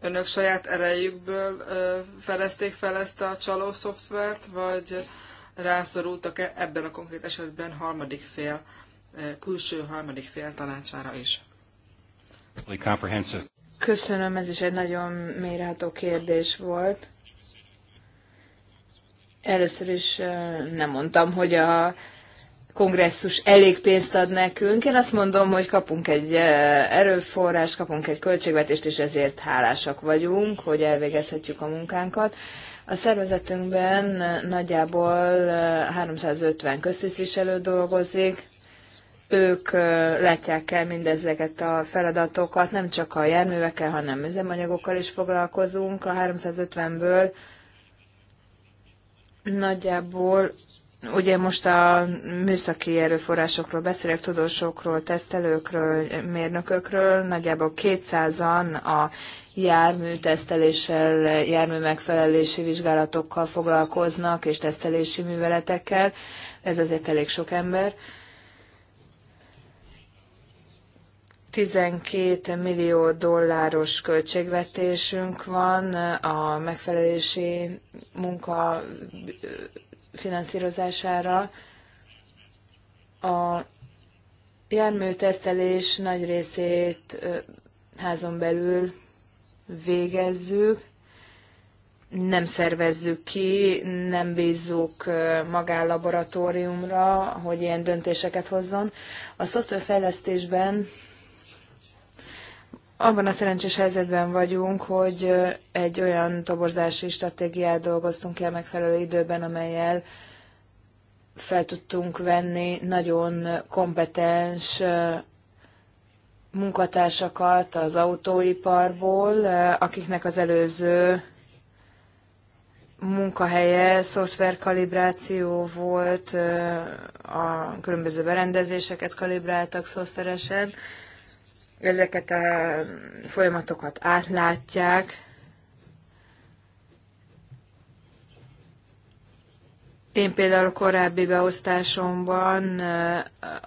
önök saját erejükből felezték fel ezt a csaló szoftvert, vagy rászorultak-e ebben a konkrét esetben harmadik fél, külső harmadik fél tanácsára is? Köszönöm, ez is egy nagyon mérható kérdés volt. Először is nem mondtam, hogy a kongresszus elég pénzt ad nekünk. Én azt mondom, hogy kapunk egy eh, erőforrás, kapunk egy költségvetést, és ezért hálásak vagyunk, hogy elvégezhetjük a munkánkat. A szervezetünkben eh, nagyjából 350 eh, köztisztviselő dolgozik, ők látják el mindezeket a feladatokat, nem csak a járművekkel, hanem üzemanyagokkal is foglalkozunk. A 350-ből nagyjából Ugye most a műszaki erőforrásokról beszélek, tudósokról, tesztelőkről, mérnökökről, nagyjából 200-an a jármű teszteléssel, jármű megfelelési vizsgálatokkal foglalkoznak, és tesztelési műveletekkel. Ez azért elég sok ember. 12 millió dolláros költségvetésünk van a megfelelési munka finanszírozására. A tesztelés nagy részét házon belül végezzük, nem szervezzük ki, nem bízzuk magállaboratóriumra, hogy ilyen döntéseket hozzon. A szoftverfejlesztésben abban a szerencsés helyzetben vagyunk, hogy egy olyan toborzási stratégiát dolgoztunk el megfelelő időben, amelyel fel tudtunk venni nagyon kompetens munkatársakat az autóiparból, akiknek az előző munkahelye szoftverkalibráció volt, a különböző berendezéseket kalibráltak szoftveresen, ezeket a folyamatokat átlátják. Én például korábbi beosztásomban eh,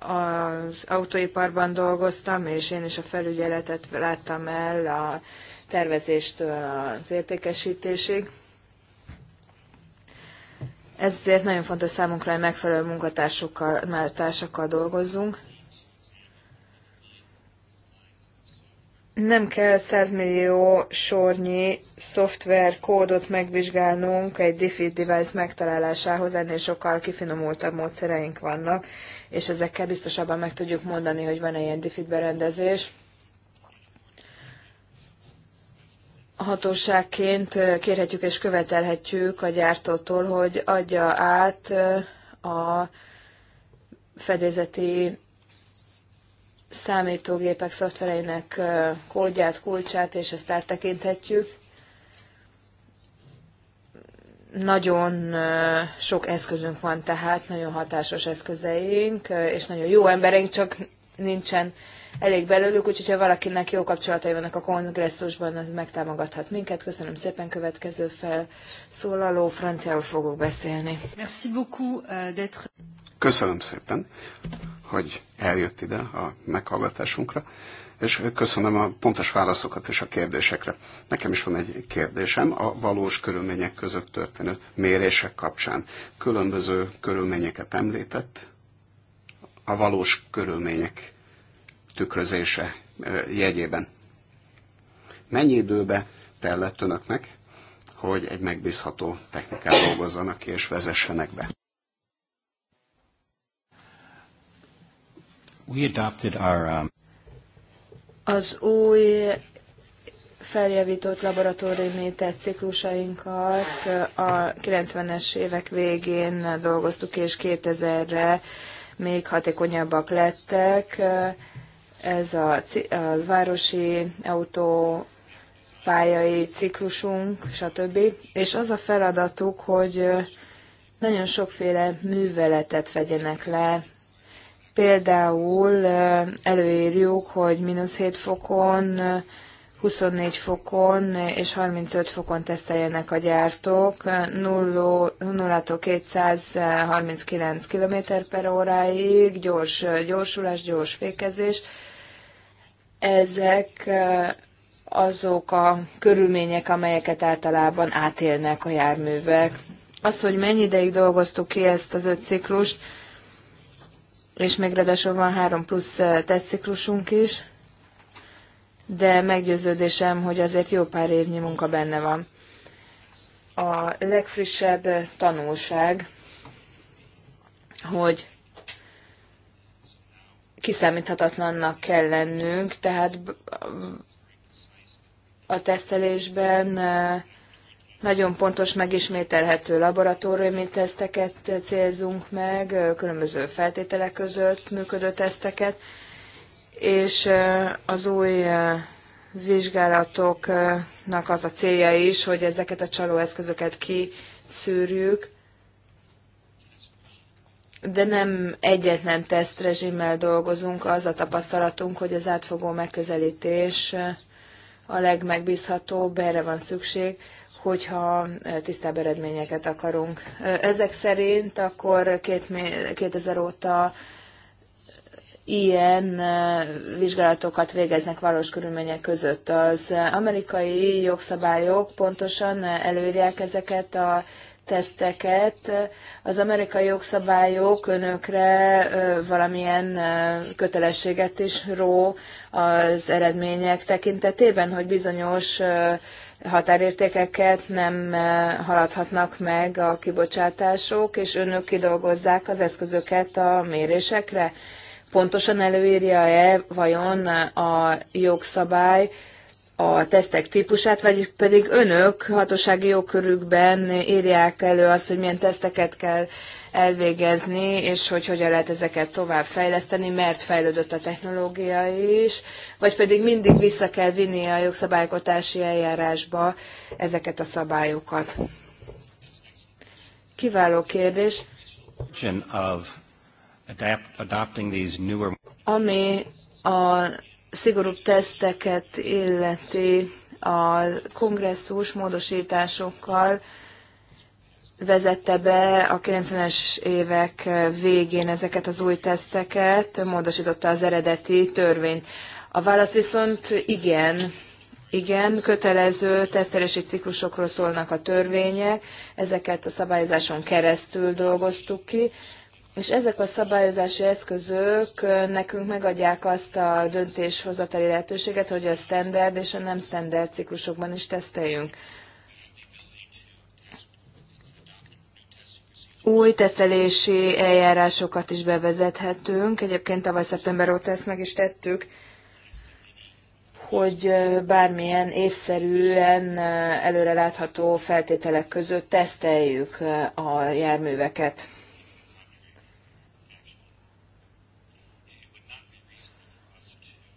az autóiparban dolgoztam, és én is a felügyeletet láttam el a tervezéstől eh, az értékesítésig. Ezért nagyon fontos számunkra, hogy megfelelő társakkal dolgozzunk. nem kell 100 millió sornyi szoftver kódot megvizsgálnunk egy defeat device megtalálásához, ennél sokkal kifinomultabb módszereink vannak, és ezekkel biztosabban meg tudjuk mondani, hogy van-e ilyen defeat berendezés. Hatóságként kérhetjük és követelhetjük a gyártótól, hogy adja át a fedezeti számítógépek szoftvereinek kódját, kulcsát, és ezt áttekinthetjük. Nagyon sok eszközünk van tehát, nagyon hatásos eszközeink, és nagyon jó embereink, csak nincsen elég belőlük, úgyhogy ha valakinek jó kapcsolatai vannak a kongresszusban, az megtámogathat minket. Köszönöm szépen, következő felszólaló, franciául fogok beszélni. Merci beaucoup euh, d'être... Köszönöm szépen hogy eljött ide a meghallgatásunkra, és köszönöm a pontos válaszokat és a kérdésekre. Nekem is van egy kérdésem a valós körülmények között történő mérések kapcsán. Különböző körülményeket említett, a valós körülmények tükrözése e, jegyében. Mennyi időbe tellett önöknek, hogy egy megbízható technikát dolgozzanak ki és vezessenek be? We adopted our, um... Az új feljavított laboratóriumi tesztciklusainkat a 90-es évek végén dolgoztuk, és 2000-re még hatékonyabbak lettek. Ez a, a városi autó pályai ciklusunk, stb. És az a feladatuk, hogy nagyon sokféle műveletet fegyenek le Például előírjuk, hogy mínusz 7 fokon, 24 fokon és 35 fokon teszteljenek a gyártók 0-tól 239 km per óráig, gyors gyorsulás, gyors fékezés. Ezek azok a körülmények, amelyeket általában átélnek a járművek. Az, hogy mennyi ideig dolgoztuk ki ezt az öt ciklust, és még ráadásul van három plusz eh, tesztciklusunk is, de meggyőződésem, hogy azért jó pár évnyi munka benne van. A legfrissebb eh, tanulság, hogy kiszámíthatatlannak kell lennünk, tehát a tesztelésben eh, nagyon pontos, megismételhető laboratóriumi teszteket célzunk meg, különböző feltételek között működő teszteket, és az új vizsgálatoknak az a célja is, hogy ezeket a csalóeszközöket kiszűrjük, de nem egyetlen tesztrezsimmel dolgozunk, az a tapasztalatunk, hogy az átfogó megközelítés a legmegbízhatóbb, erre van szükség, hogyha tisztább eredményeket akarunk. Ezek szerint akkor 2000 óta ilyen vizsgálatokat végeznek valós körülmények között. Az amerikai jogszabályok pontosan előírják ezeket a teszteket. Az amerikai jogszabályok önökre valamilyen kötelességet is ró az eredmények tekintetében, hogy bizonyos határértékeket nem eh, haladhatnak meg a kibocsátások, és önök kidolgozzák az eszközöket a mérésekre? Pontosan előírja-e vajon a jogszabály a tesztek típusát, vagy pedig önök hatósági jogkörükben írják elő azt, hogy milyen teszteket kell elvégezni, és hogy hogyan lehet ezeket tovább fejleszteni, mert fejlődött a technológia is, vagy pedig mindig vissza kell vinni a jogszabálykotási eljárásba ezeket a szabályokat. Kiváló kérdés. Ami a szigorúbb teszteket illeti a kongresszus módosításokkal, vezette be a 90-es évek végén ezeket az új teszteket, módosította az eredeti törvényt. A válasz viszont igen, igen, kötelező tesztelési ciklusokról szólnak a törvények, ezeket a szabályozáson keresztül dolgoztuk ki, és ezek a szabályozási eszközök nekünk megadják azt a döntéshozatali lehetőséget, hogy a standard és a nem standard ciklusokban is teszteljünk. új tesztelési eljárásokat is bevezethetünk. Egyébként tavaly szeptember óta ezt meg is tettük, hogy bármilyen észszerűen előrelátható feltételek között teszteljük a járműveket.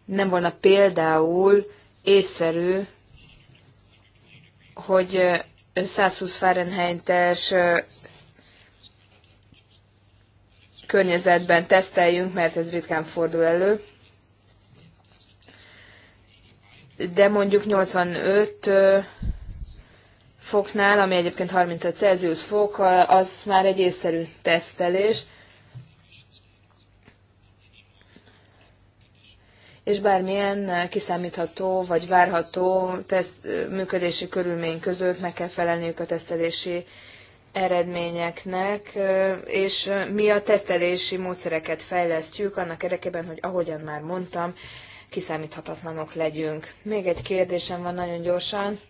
Nem volna például észszerű, hogy 120 Fahrenheit-es környezetben teszteljünk, mert ez ritkán fordul elő. De mondjuk 85 foknál, ami egyébként 35 Celsius fok, az már egy észszerű tesztelés. és bármilyen kiszámítható vagy várható teszt, működési körülmény között meg kell felelniük a tesztelési eredményeknek, és mi a tesztelési módszereket fejlesztjük annak érdekében, hogy ahogyan már mondtam, kiszámíthatatlanok legyünk. Még egy kérdésem van nagyon gyorsan.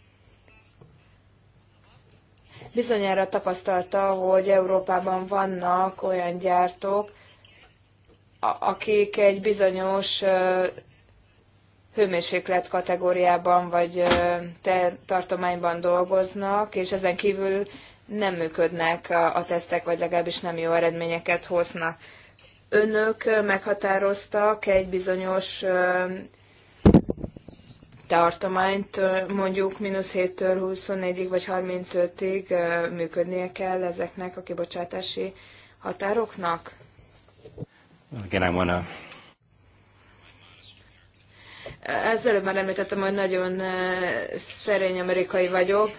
Bizonyára tapasztalta, hogy Európában vannak olyan gyártók, akik egy bizonyos hőmérséklet kategóriában vagy tartományban dolgoznak, és ezen kívül nem működnek a tesztek, vagy legalábbis nem jó eredményeket hoznak. Önök meghatároztak egy bizonyos tartományt, mondjuk mínusz 7-től 24-ig vagy 35-ig működnie kell ezeknek a kibocsátási határoknak? Again, I wanna... Ezzel már említettem, hogy nagyon szerény amerikai vagyok.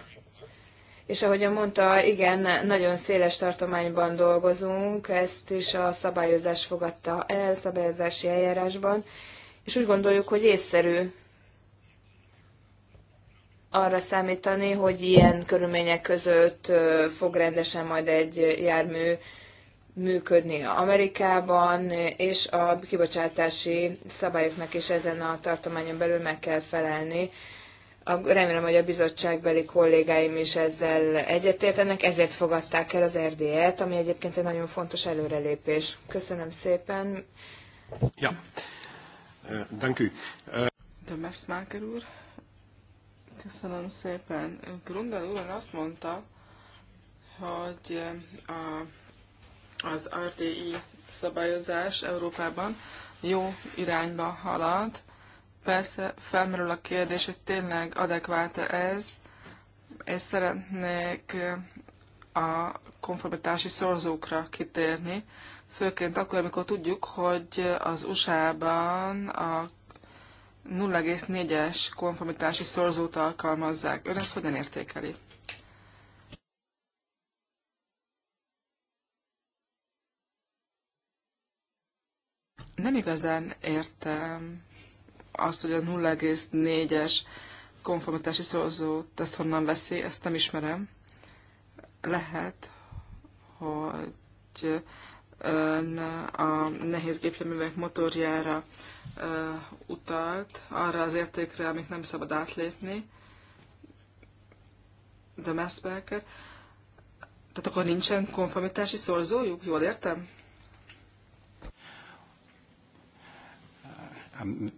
És ahogyan mondta, igen, nagyon széles tartományban dolgozunk, ezt is a szabályozás fogadta el, szabályozási eljárásban, és úgy gondoljuk, hogy észszerű arra számítani, hogy ilyen körülmények között fog rendesen majd egy jármű működni Amerikában, és a kibocsátási szabályoknak is ezen a tartományon belül meg kell felelni remélem, hogy a bizottságbeli kollégáim is ezzel egyetértenek, ezért fogadták el az RDE-t, ami egyébként egy nagyon fontos előrelépés. Köszönöm szépen. Ja, thank De Messmaker úr, köszönöm szépen. Grundel úr azt mondta, hogy a, az RDI szabályozás Európában jó irányba halad, Persze felmerül a kérdés, hogy tényleg adekvát -e ez, és szeretnék eh, a konformitási szorzókra kitérni, főként akkor, amikor tudjuk, hogy az USA-ban a 0,4-es konformitási szorzót alkalmazzák. Ön ezt hogyan értékeli? Nem igazán értem azt, hogy a 0,4-es konformitási szorzót ezt honnan veszi, ezt nem ismerem. Lehet, hogy ön a nehéz gépjárművek motorjára utalt, arra az értékre, amit nem szabad átlépni, de Messbaker. Tehát akkor nincsen konformitási szorzójuk, jól értem?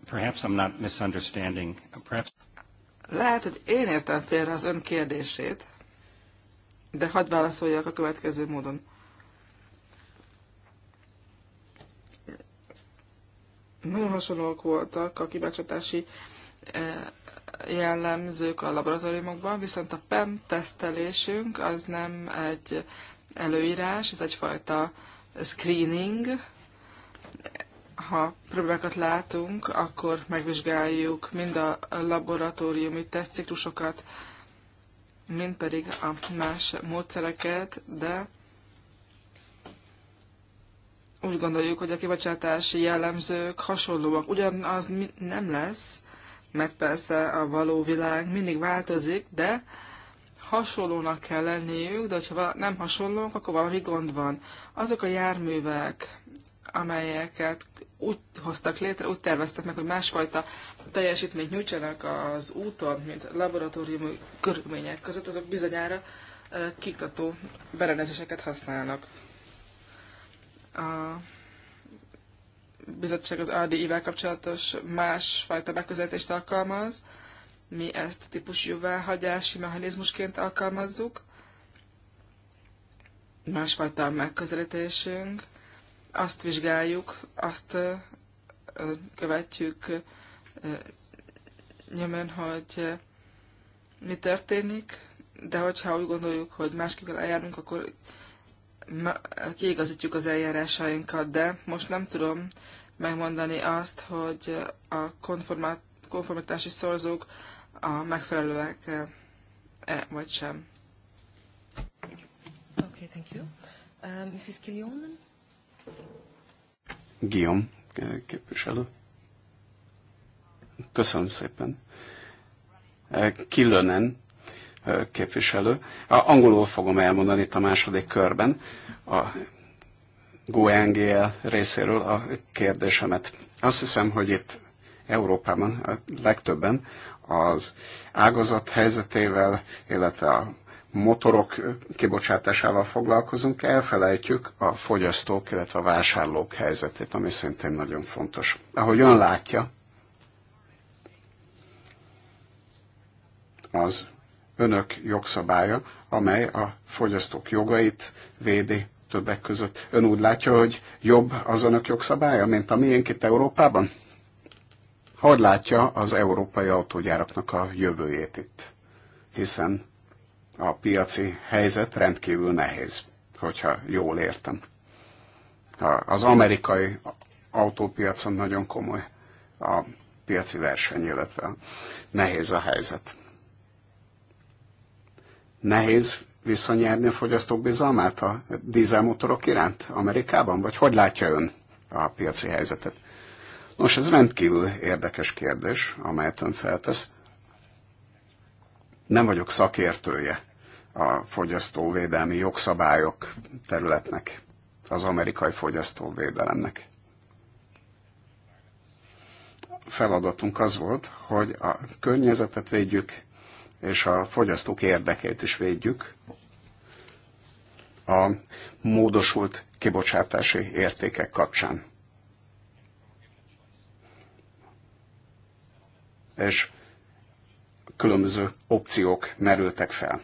perhaps I'm not misunderstanding. Perhaps... Lehet, hogy én értem félre az ön kérdését, de hadd válaszoljak a következő módon. Nagyon hasonlóak voltak a kibácsatási eh, jellemzők a laboratóriumokban, viszont a PEM tesztelésünk az nem egy előírás, ez egyfajta screening, ha problémákat látunk, akkor megvizsgáljuk mind a laboratóriumi tesztciklusokat, mind pedig a más módszereket, de úgy gondoljuk, hogy a kibocsátási jellemzők hasonlóak. Ugyanaz nem lesz, mert persze a való világ mindig változik, de hasonlónak kell lenniük, de ha nem hasonlók, akkor valami gond van. Azok a járművek, amelyeket úgy hoztak létre, úgy terveztek meg, hogy másfajta teljesítményt nyújtsanak az úton, mint laboratóriumi körülmények között, azok bizonyára kiktató berendezéseket használnak. A bizottság az ADI-vel kapcsolatos másfajta megközelítést alkalmaz. Mi ezt típus jóváhagyási mechanizmusként alkalmazzuk. Másfajta megközelítésünk azt vizsgáljuk, azt követjük nyomen, hogy mi történik, de hogyha úgy gondoljuk, hogy másképpen eljárunk, akkor kiigazítjuk az eljárásainkat, de most nem tudom megmondani azt, hogy a konformitási szorzók a megfelelőek -e, vagy sem. Okay, thank you. Uh, Mrs. Kilionen? Guillaume eh, képviselő. Köszönöm szépen. Eh, Kilönen eh, képviselő. A angolul fogom elmondani itt a második körben a GUNGL részéről a kérdésemet. Azt hiszem, hogy itt Európában a legtöbben az ágazat helyzetével, illetve a motorok kibocsátásával foglalkozunk, elfelejtjük a fogyasztók, illetve a vásárlók helyzetét, ami szintén nagyon fontos. Ahogy ön látja, az önök jogszabálya, amely a fogyasztók jogait védi többek között. Ön úgy látja, hogy jobb az önök jogszabálya, mint a miénk itt Európában? Hogy látja az európai autógyáraknak a jövőjét itt? Hiszen a piaci helyzet rendkívül nehéz, hogyha jól értem. Az amerikai autópiacon nagyon komoly a piaci verseny, illetve nehéz a helyzet. Nehéz visszanyerni a fogyasztók bizalmát a dízelmotorok iránt Amerikában? Vagy hogy látja ön a piaci helyzetet? Nos, ez rendkívül érdekes kérdés, amelyet ön feltesz. Nem vagyok szakértője a fogyasztóvédelmi jogszabályok területnek, az amerikai fogyasztóvédelemnek. Feladatunk az volt, hogy a környezetet védjük, és a fogyasztók érdekét is védjük a módosult kibocsátási értékek kapcsán. És különböző opciók merültek fel.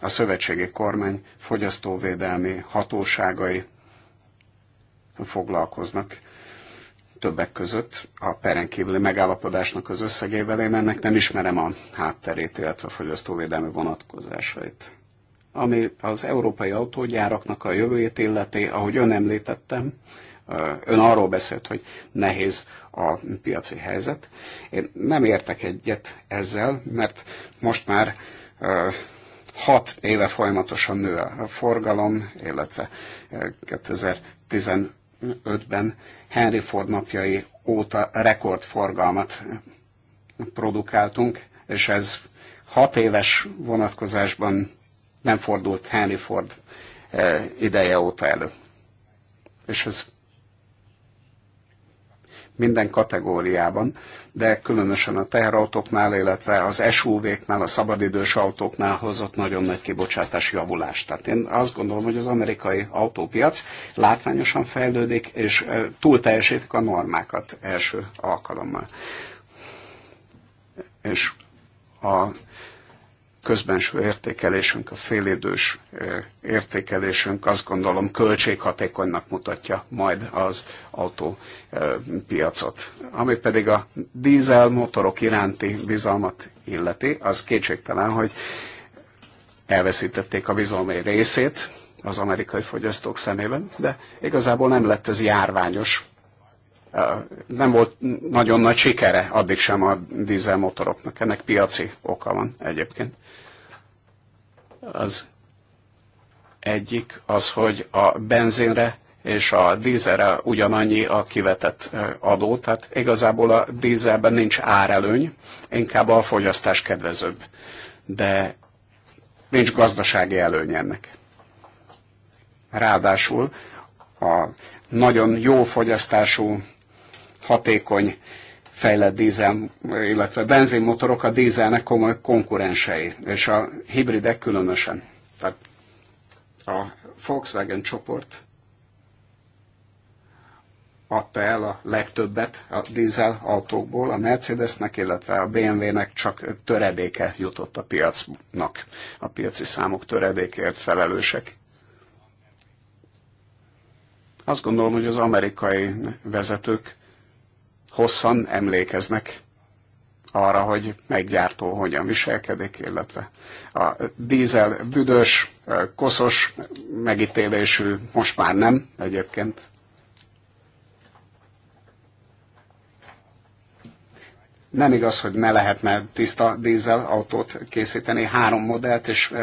A szövetségi kormány fogyasztóvédelmi hatóságai foglalkoznak többek között a perenkívüli megállapodásnak az összegével. Én ennek nem ismerem a hátterét, illetve a fogyasztóvédelmi vonatkozásait. Ami az európai autógyáraknak a jövőjét illeti, ahogy ön említettem, Ön arról beszélt, hogy nehéz a piaci helyzet. Én nem értek egyet ezzel, mert most már hat éve folyamatosan nő a forgalom, illetve 2015-ben Henry Ford napjai óta rekordforgalmat produkáltunk, és ez hat éves vonatkozásban nem fordult Henry Ford ideje óta elő. És ez minden kategóriában, de különösen a teherautóknál, illetve az SUV-knál, a szabadidős autóknál hozott nagyon nagy kibocsátás javulást. Tehát én azt gondolom, hogy az amerikai autópiac látványosan fejlődik, és túl teljesítik a normákat első alkalommal. És a közbenső értékelésünk, a félidős értékelésünk azt gondolom költséghatékonynak mutatja majd az autópiacot. Ami pedig a dízel motorok iránti bizalmat illeti, az kétségtelen, hogy elveszítették a bizalmi részét az amerikai fogyasztók szemében, de igazából nem lett ez járványos nem volt nagyon nagy sikere addig sem a dízelmotoroknak. Ennek piaci oka van egyébként. Az egyik az, hogy a benzinre és a dízelre ugyanannyi a kivetett adó, tehát igazából a dízelben nincs árelőny, inkább a fogyasztás kedvezőbb, de nincs gazdasági előny ennek. Ráadásul a nagyon jó fogyasztású hatékony fejlett dízel, illetve benzinmotorok a dízelnek komoly konkurensei, és a hibridek különösen. Tehát a Volkswagen csoport adta el a legtöbbet a dízel autókból, a Mercedesnek, illetve a BMW-nek csak töredéke jutott a piacnak. A piaci számok töredékért felelősek. Azt gondolom, hogy az amerikai vezetők hosszan emlékeznek arra, hogy meggyártó hogyan viselkedik, illetve a dízel büdös, koszos megítélésű, most már nem egyébként. Nem igaz, hogy ne lehetne tiszta dízel autót készíteni, három modellt és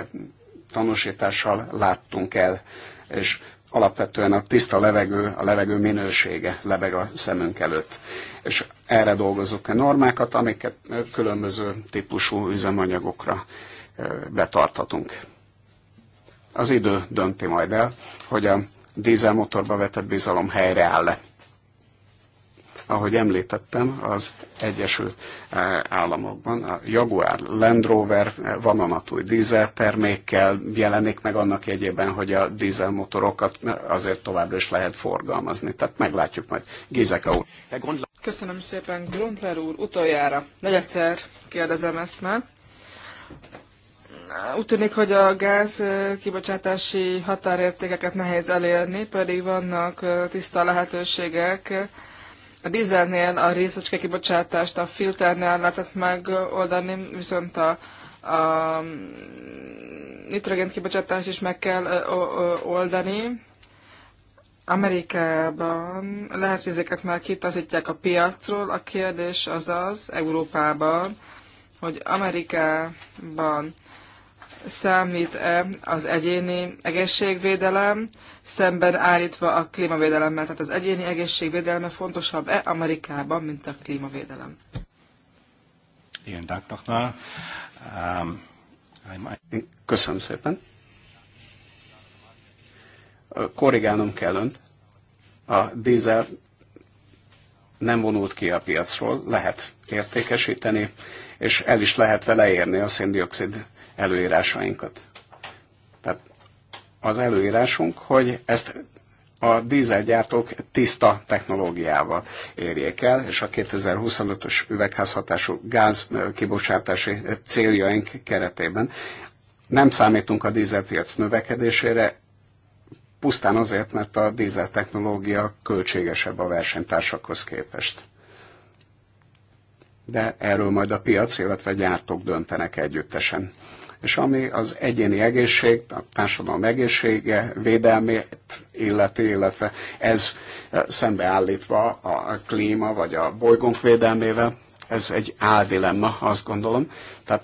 tanúsítással láttunk el, és alapvetően a tiszta levegő, a levegő minősége lebeg a szemünk előtt. És erre dolgozunk a normákat, amiket különböző típusú üzemanyagokra betartatunk. Az idő dönti majd el, hogy a dízelmotorba vetett bizalom áll e ahogy említettem, az Egyesült eh, Államokban a Jaguar Land Rover eh, vadonatúj dízel termékkel jelenik meg annak jegyében, hogy a dízel motorokat eh, azért továbbra is lehet forgalmazni. Tehát meglátjuk majd. Gizeka úr. Köszönöm szépen, Grundler úr, utoljára. Negyedszer kérdezem ezt már. Úgy tűnik, hogy a gáz kibocsátási határértékeket nehéz elérni, pedig vannak tiszta lehetőségek a dízelnél a részecske kibocsátást a filternél lehetett megoldani, viszont a, a nitrogén kibocsátást is meg kell oldani. Amerikában lehet lehetőségeket már kitaszítják a piacról. A kérdés az az Európában, hogy Amerikában számít-e az egyéni egészségvédelem, szemben állítva a klímavédelemmel? Tehát az egyéni egészségvédelme fontosabb-e Amerikában, mint a klímavédelem? Igen, um, Köszönöm szépen. Korrigálnom kell önt. A dízel nem vonult ki a piacról, lehet értékesíteni, és el is lehet vele érni a széndiokszid előírásainkat az előírásunk, hogy ezt a dízelgyártók tiszta technológiával érjék el, és a 2025-ös üvegházhatású gáz kibocsátási céljaink keretében nem számítunk a dízelpiac növekedésére, pusztán azért, mert a dízel technológia költségesebb a versenytársakhoz képest. De erről majd a piac, illetve gyártók döntenek együttesen és ami az egyéni egészség, a társadalom egészsége védelmét illeti, illetve ez eh, szembeállítva a klíma vagy a bolygónk védelmével, ez egy áldilemma, azt gondolom. Tehát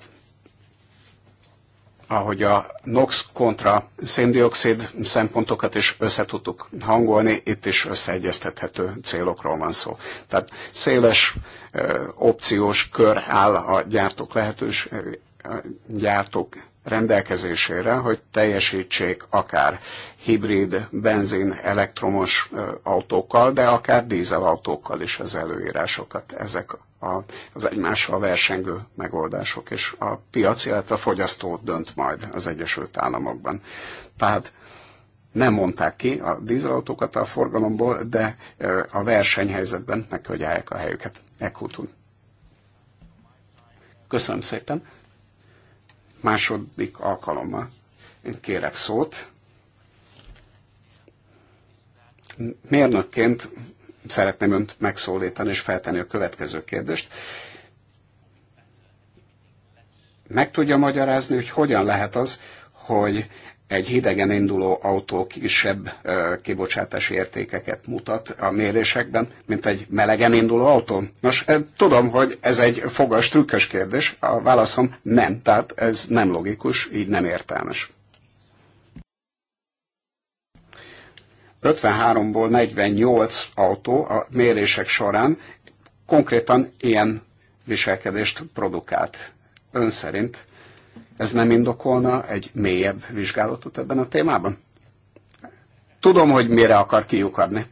ahogy a NOx kontra széndiokszid szempontokat is össze tudtuk hangolni, itt is összeegyeztethető célokról van szó. Tehát széles eh, opciós kör áll a gyártók lehetős, gyártók rendelkezésére, hogy teljesítsék akár hibrid, benzin, elektromos autókkal, de akár autókkal is az előírásokat. Ezek a, az egymással versengő megoldások, és a piac, illetve a fogyasztó dönt majd az Egyesült Államokban. Tehát nem mondták ki a dízelautókat a forgalomból, de a versenyhelyzetben meghagyják a helyüket. Ekutun. Köszönöm szépen. Második alkalommal kérek szót. Mérnökként szeretném önt megszólítani és feltenni a következő kérdést. Meg tudja magyarázni, hogy hogyan lehet az, hogy egy hidegen induló autó kisebb kibocsátási értékeket mutat a mérésekben, mint egy melegen induló autó? Nos, tudom, hogy ez egy fogas, trükkös kérdés. A válaszom nem, tehát ez nem logikus, így nem értelmes. 53-ból 48 autó a mérések során konkrétan ilyen viselkedést produkált. Ön szerint ez nem indokolna egy mélyebb vizsgálatot ebben a témában? Tudom, hogy mire akar kiukadni.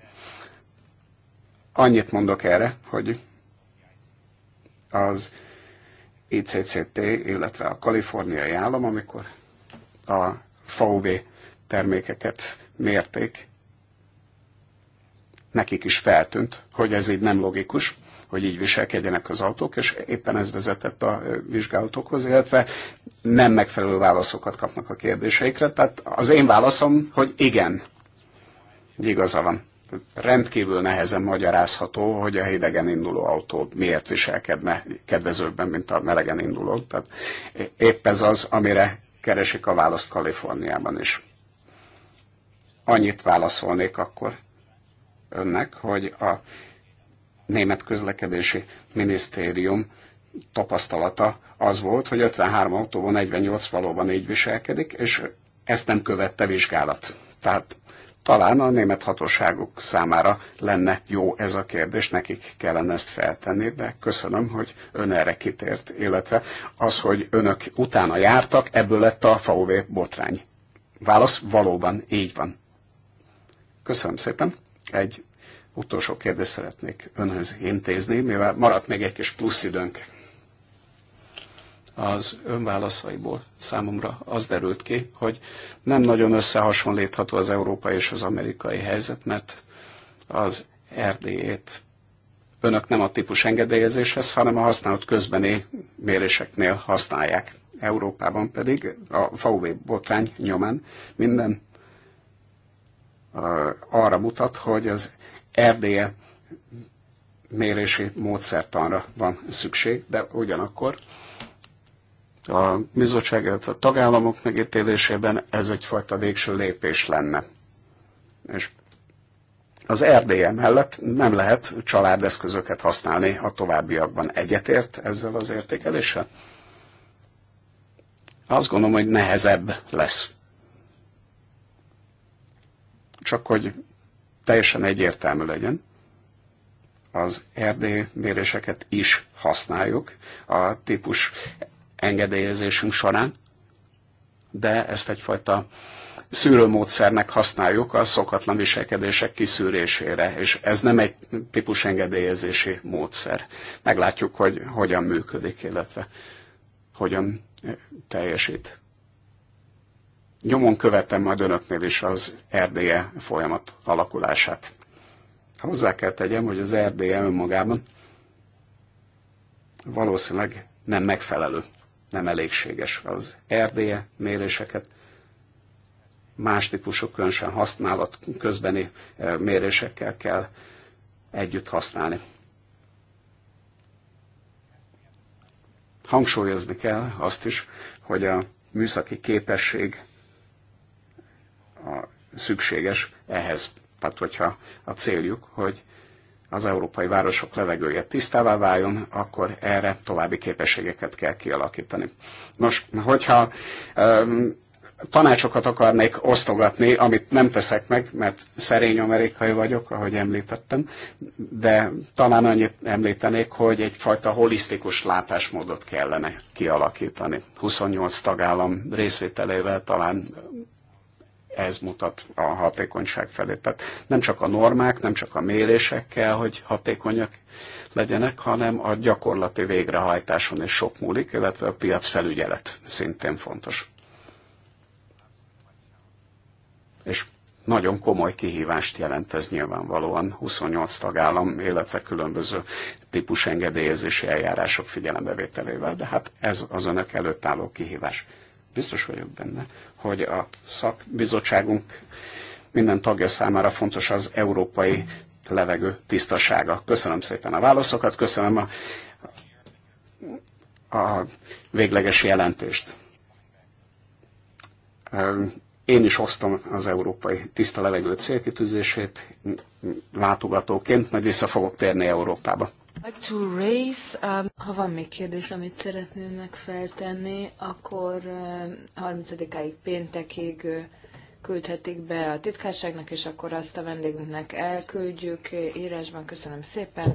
Annyit mondok erre, hogy az ICCT, illetve a kaliforniai állam, amikor a VV termékeket mérték, nekik is feltűnt, hogy ez így nem logikus, hogy így viselkedjenek az autók, és éppen ez vezetett a vizsgálatokhoz, illetve nem megfelelő válaszokat kapnak a kérdéseikre. Tehát az én válaszom, hogy igen, igaza van. Rendkívül nehezen magyarázható, hogy a hidegen induló autó miért viselkedne kedvezőbben, mint a melegen induló. Tehát épp ez az, amire keresik a választ Kaliforniában is. Annyit válaszolnék akkor önnek, hogy a német közlekedési minisztérium tapasztalata az volt, hogy 53 autóban 48 valóban így viselkedik, és ezt nem követte vizsgálat. Tehát talán a német hatóságok számára lenne jó ez a kérdés, nekik kellene ezt feltenni, de köszönöm, hogy ön erre kitért, illetve az, hogy önök utána jártak, ebből lett a VW botrány. Válasz valóban így van. Köszönöm szépen. Egy utolsó kérdést szeretnék önhöz intézni, mivel maradt még egy kis plusz időnk. Az válaszaiból számomra az derült ki, hogy nem nagyon összehasonlítható az európai és az amerikai helyzet, mert az Erdélyét önök nem a típus engedélyezéshez, hanem a használat közbeni méréseknél használják. Európában pedig a VW botrány nyomán minden arra mutat, hogy az Erdélye mérési módszertanra van szükség, de ugyanakkor a bizottság, illetve a tagállamok megítélésében ez egyfajta végső lépés lenne. És az Erdélye mellett nem lehet családeszközöket használni a továbbiakban. Egyetért ezzel az értékeléssel? Azt gondolom, hogy nehezebb lesz. Csak hogy teljesen egyértelmű legyen, az erdély méréseket is használjuk a típus engedélyezésünk során, de ezt egyfajta szűrőmódszernek használjuk a szokatlan viselkedések kiszűrésére, és ez nem egy típus engedélyezési módszer. Meglátjuk, hogy hogyan működik, illetve hogyan eh, teljesít. Nyomon követem majd önöknél is az RDE folyamat alakulását. Hozzá kell tegyem, hogy az RDE önmagában valószínűleg nem megfelelő, nem elégséges az RDE méréseket, más típusú különösen használat közbeni eh, mérésekkel kell együtt használni. Hangsúlyozni kell azt is, hogy a műszaki képesség a szükséges ehhez. Tehát, hogyha a céljuk, hogy az európai városok levegője tisztává váljon, akkor erre további képességeket kell kialakítani. Nos, hogyha um, tanácsokat akarnék osztogatni, amit nem teszek meg, mert szerény amerikai vagyok, ahogy említettem, de talán annyit említenék, hogy egyfajta holisztikus látásmódot kellene kialakítani. 28 tagállam részvételével talán ez mutat a hatékonyság felé. Tehát nem csak a normák, nem csak a mérések kell, hogy hatékonyak legyenek, hanem a gyakorlati végrehajtáson is sok múlik, illetve a piac felügyelet. szintén fontos. És nagyon komoly kihívást jelent ez nyilvánvalóan 28 tagállam, illetve különböző típus engedélyezési eljárások figyelembevételével, de hát ez az önök előtt álló kihívás. Biztos vagyok benne, hogy a szakbizottságunk minden tagja számára fontos az európai levegő tisztasága. Köszönöm szépen a válaszokat, köszönöm a, a végleges jelentést. Én is osztom az európai tiszta levegő célkitűzését látogatóként, majd vissza fogok térni Európába. To raise, um... Ha van még kérdés, amit szeretnének feltenni, akkor 30-áig um, péntekig uh, küldhetik be a titkárságnak, és akkor azt a vendégünknek elküldjük uh, írásban. Köszönöm szépen!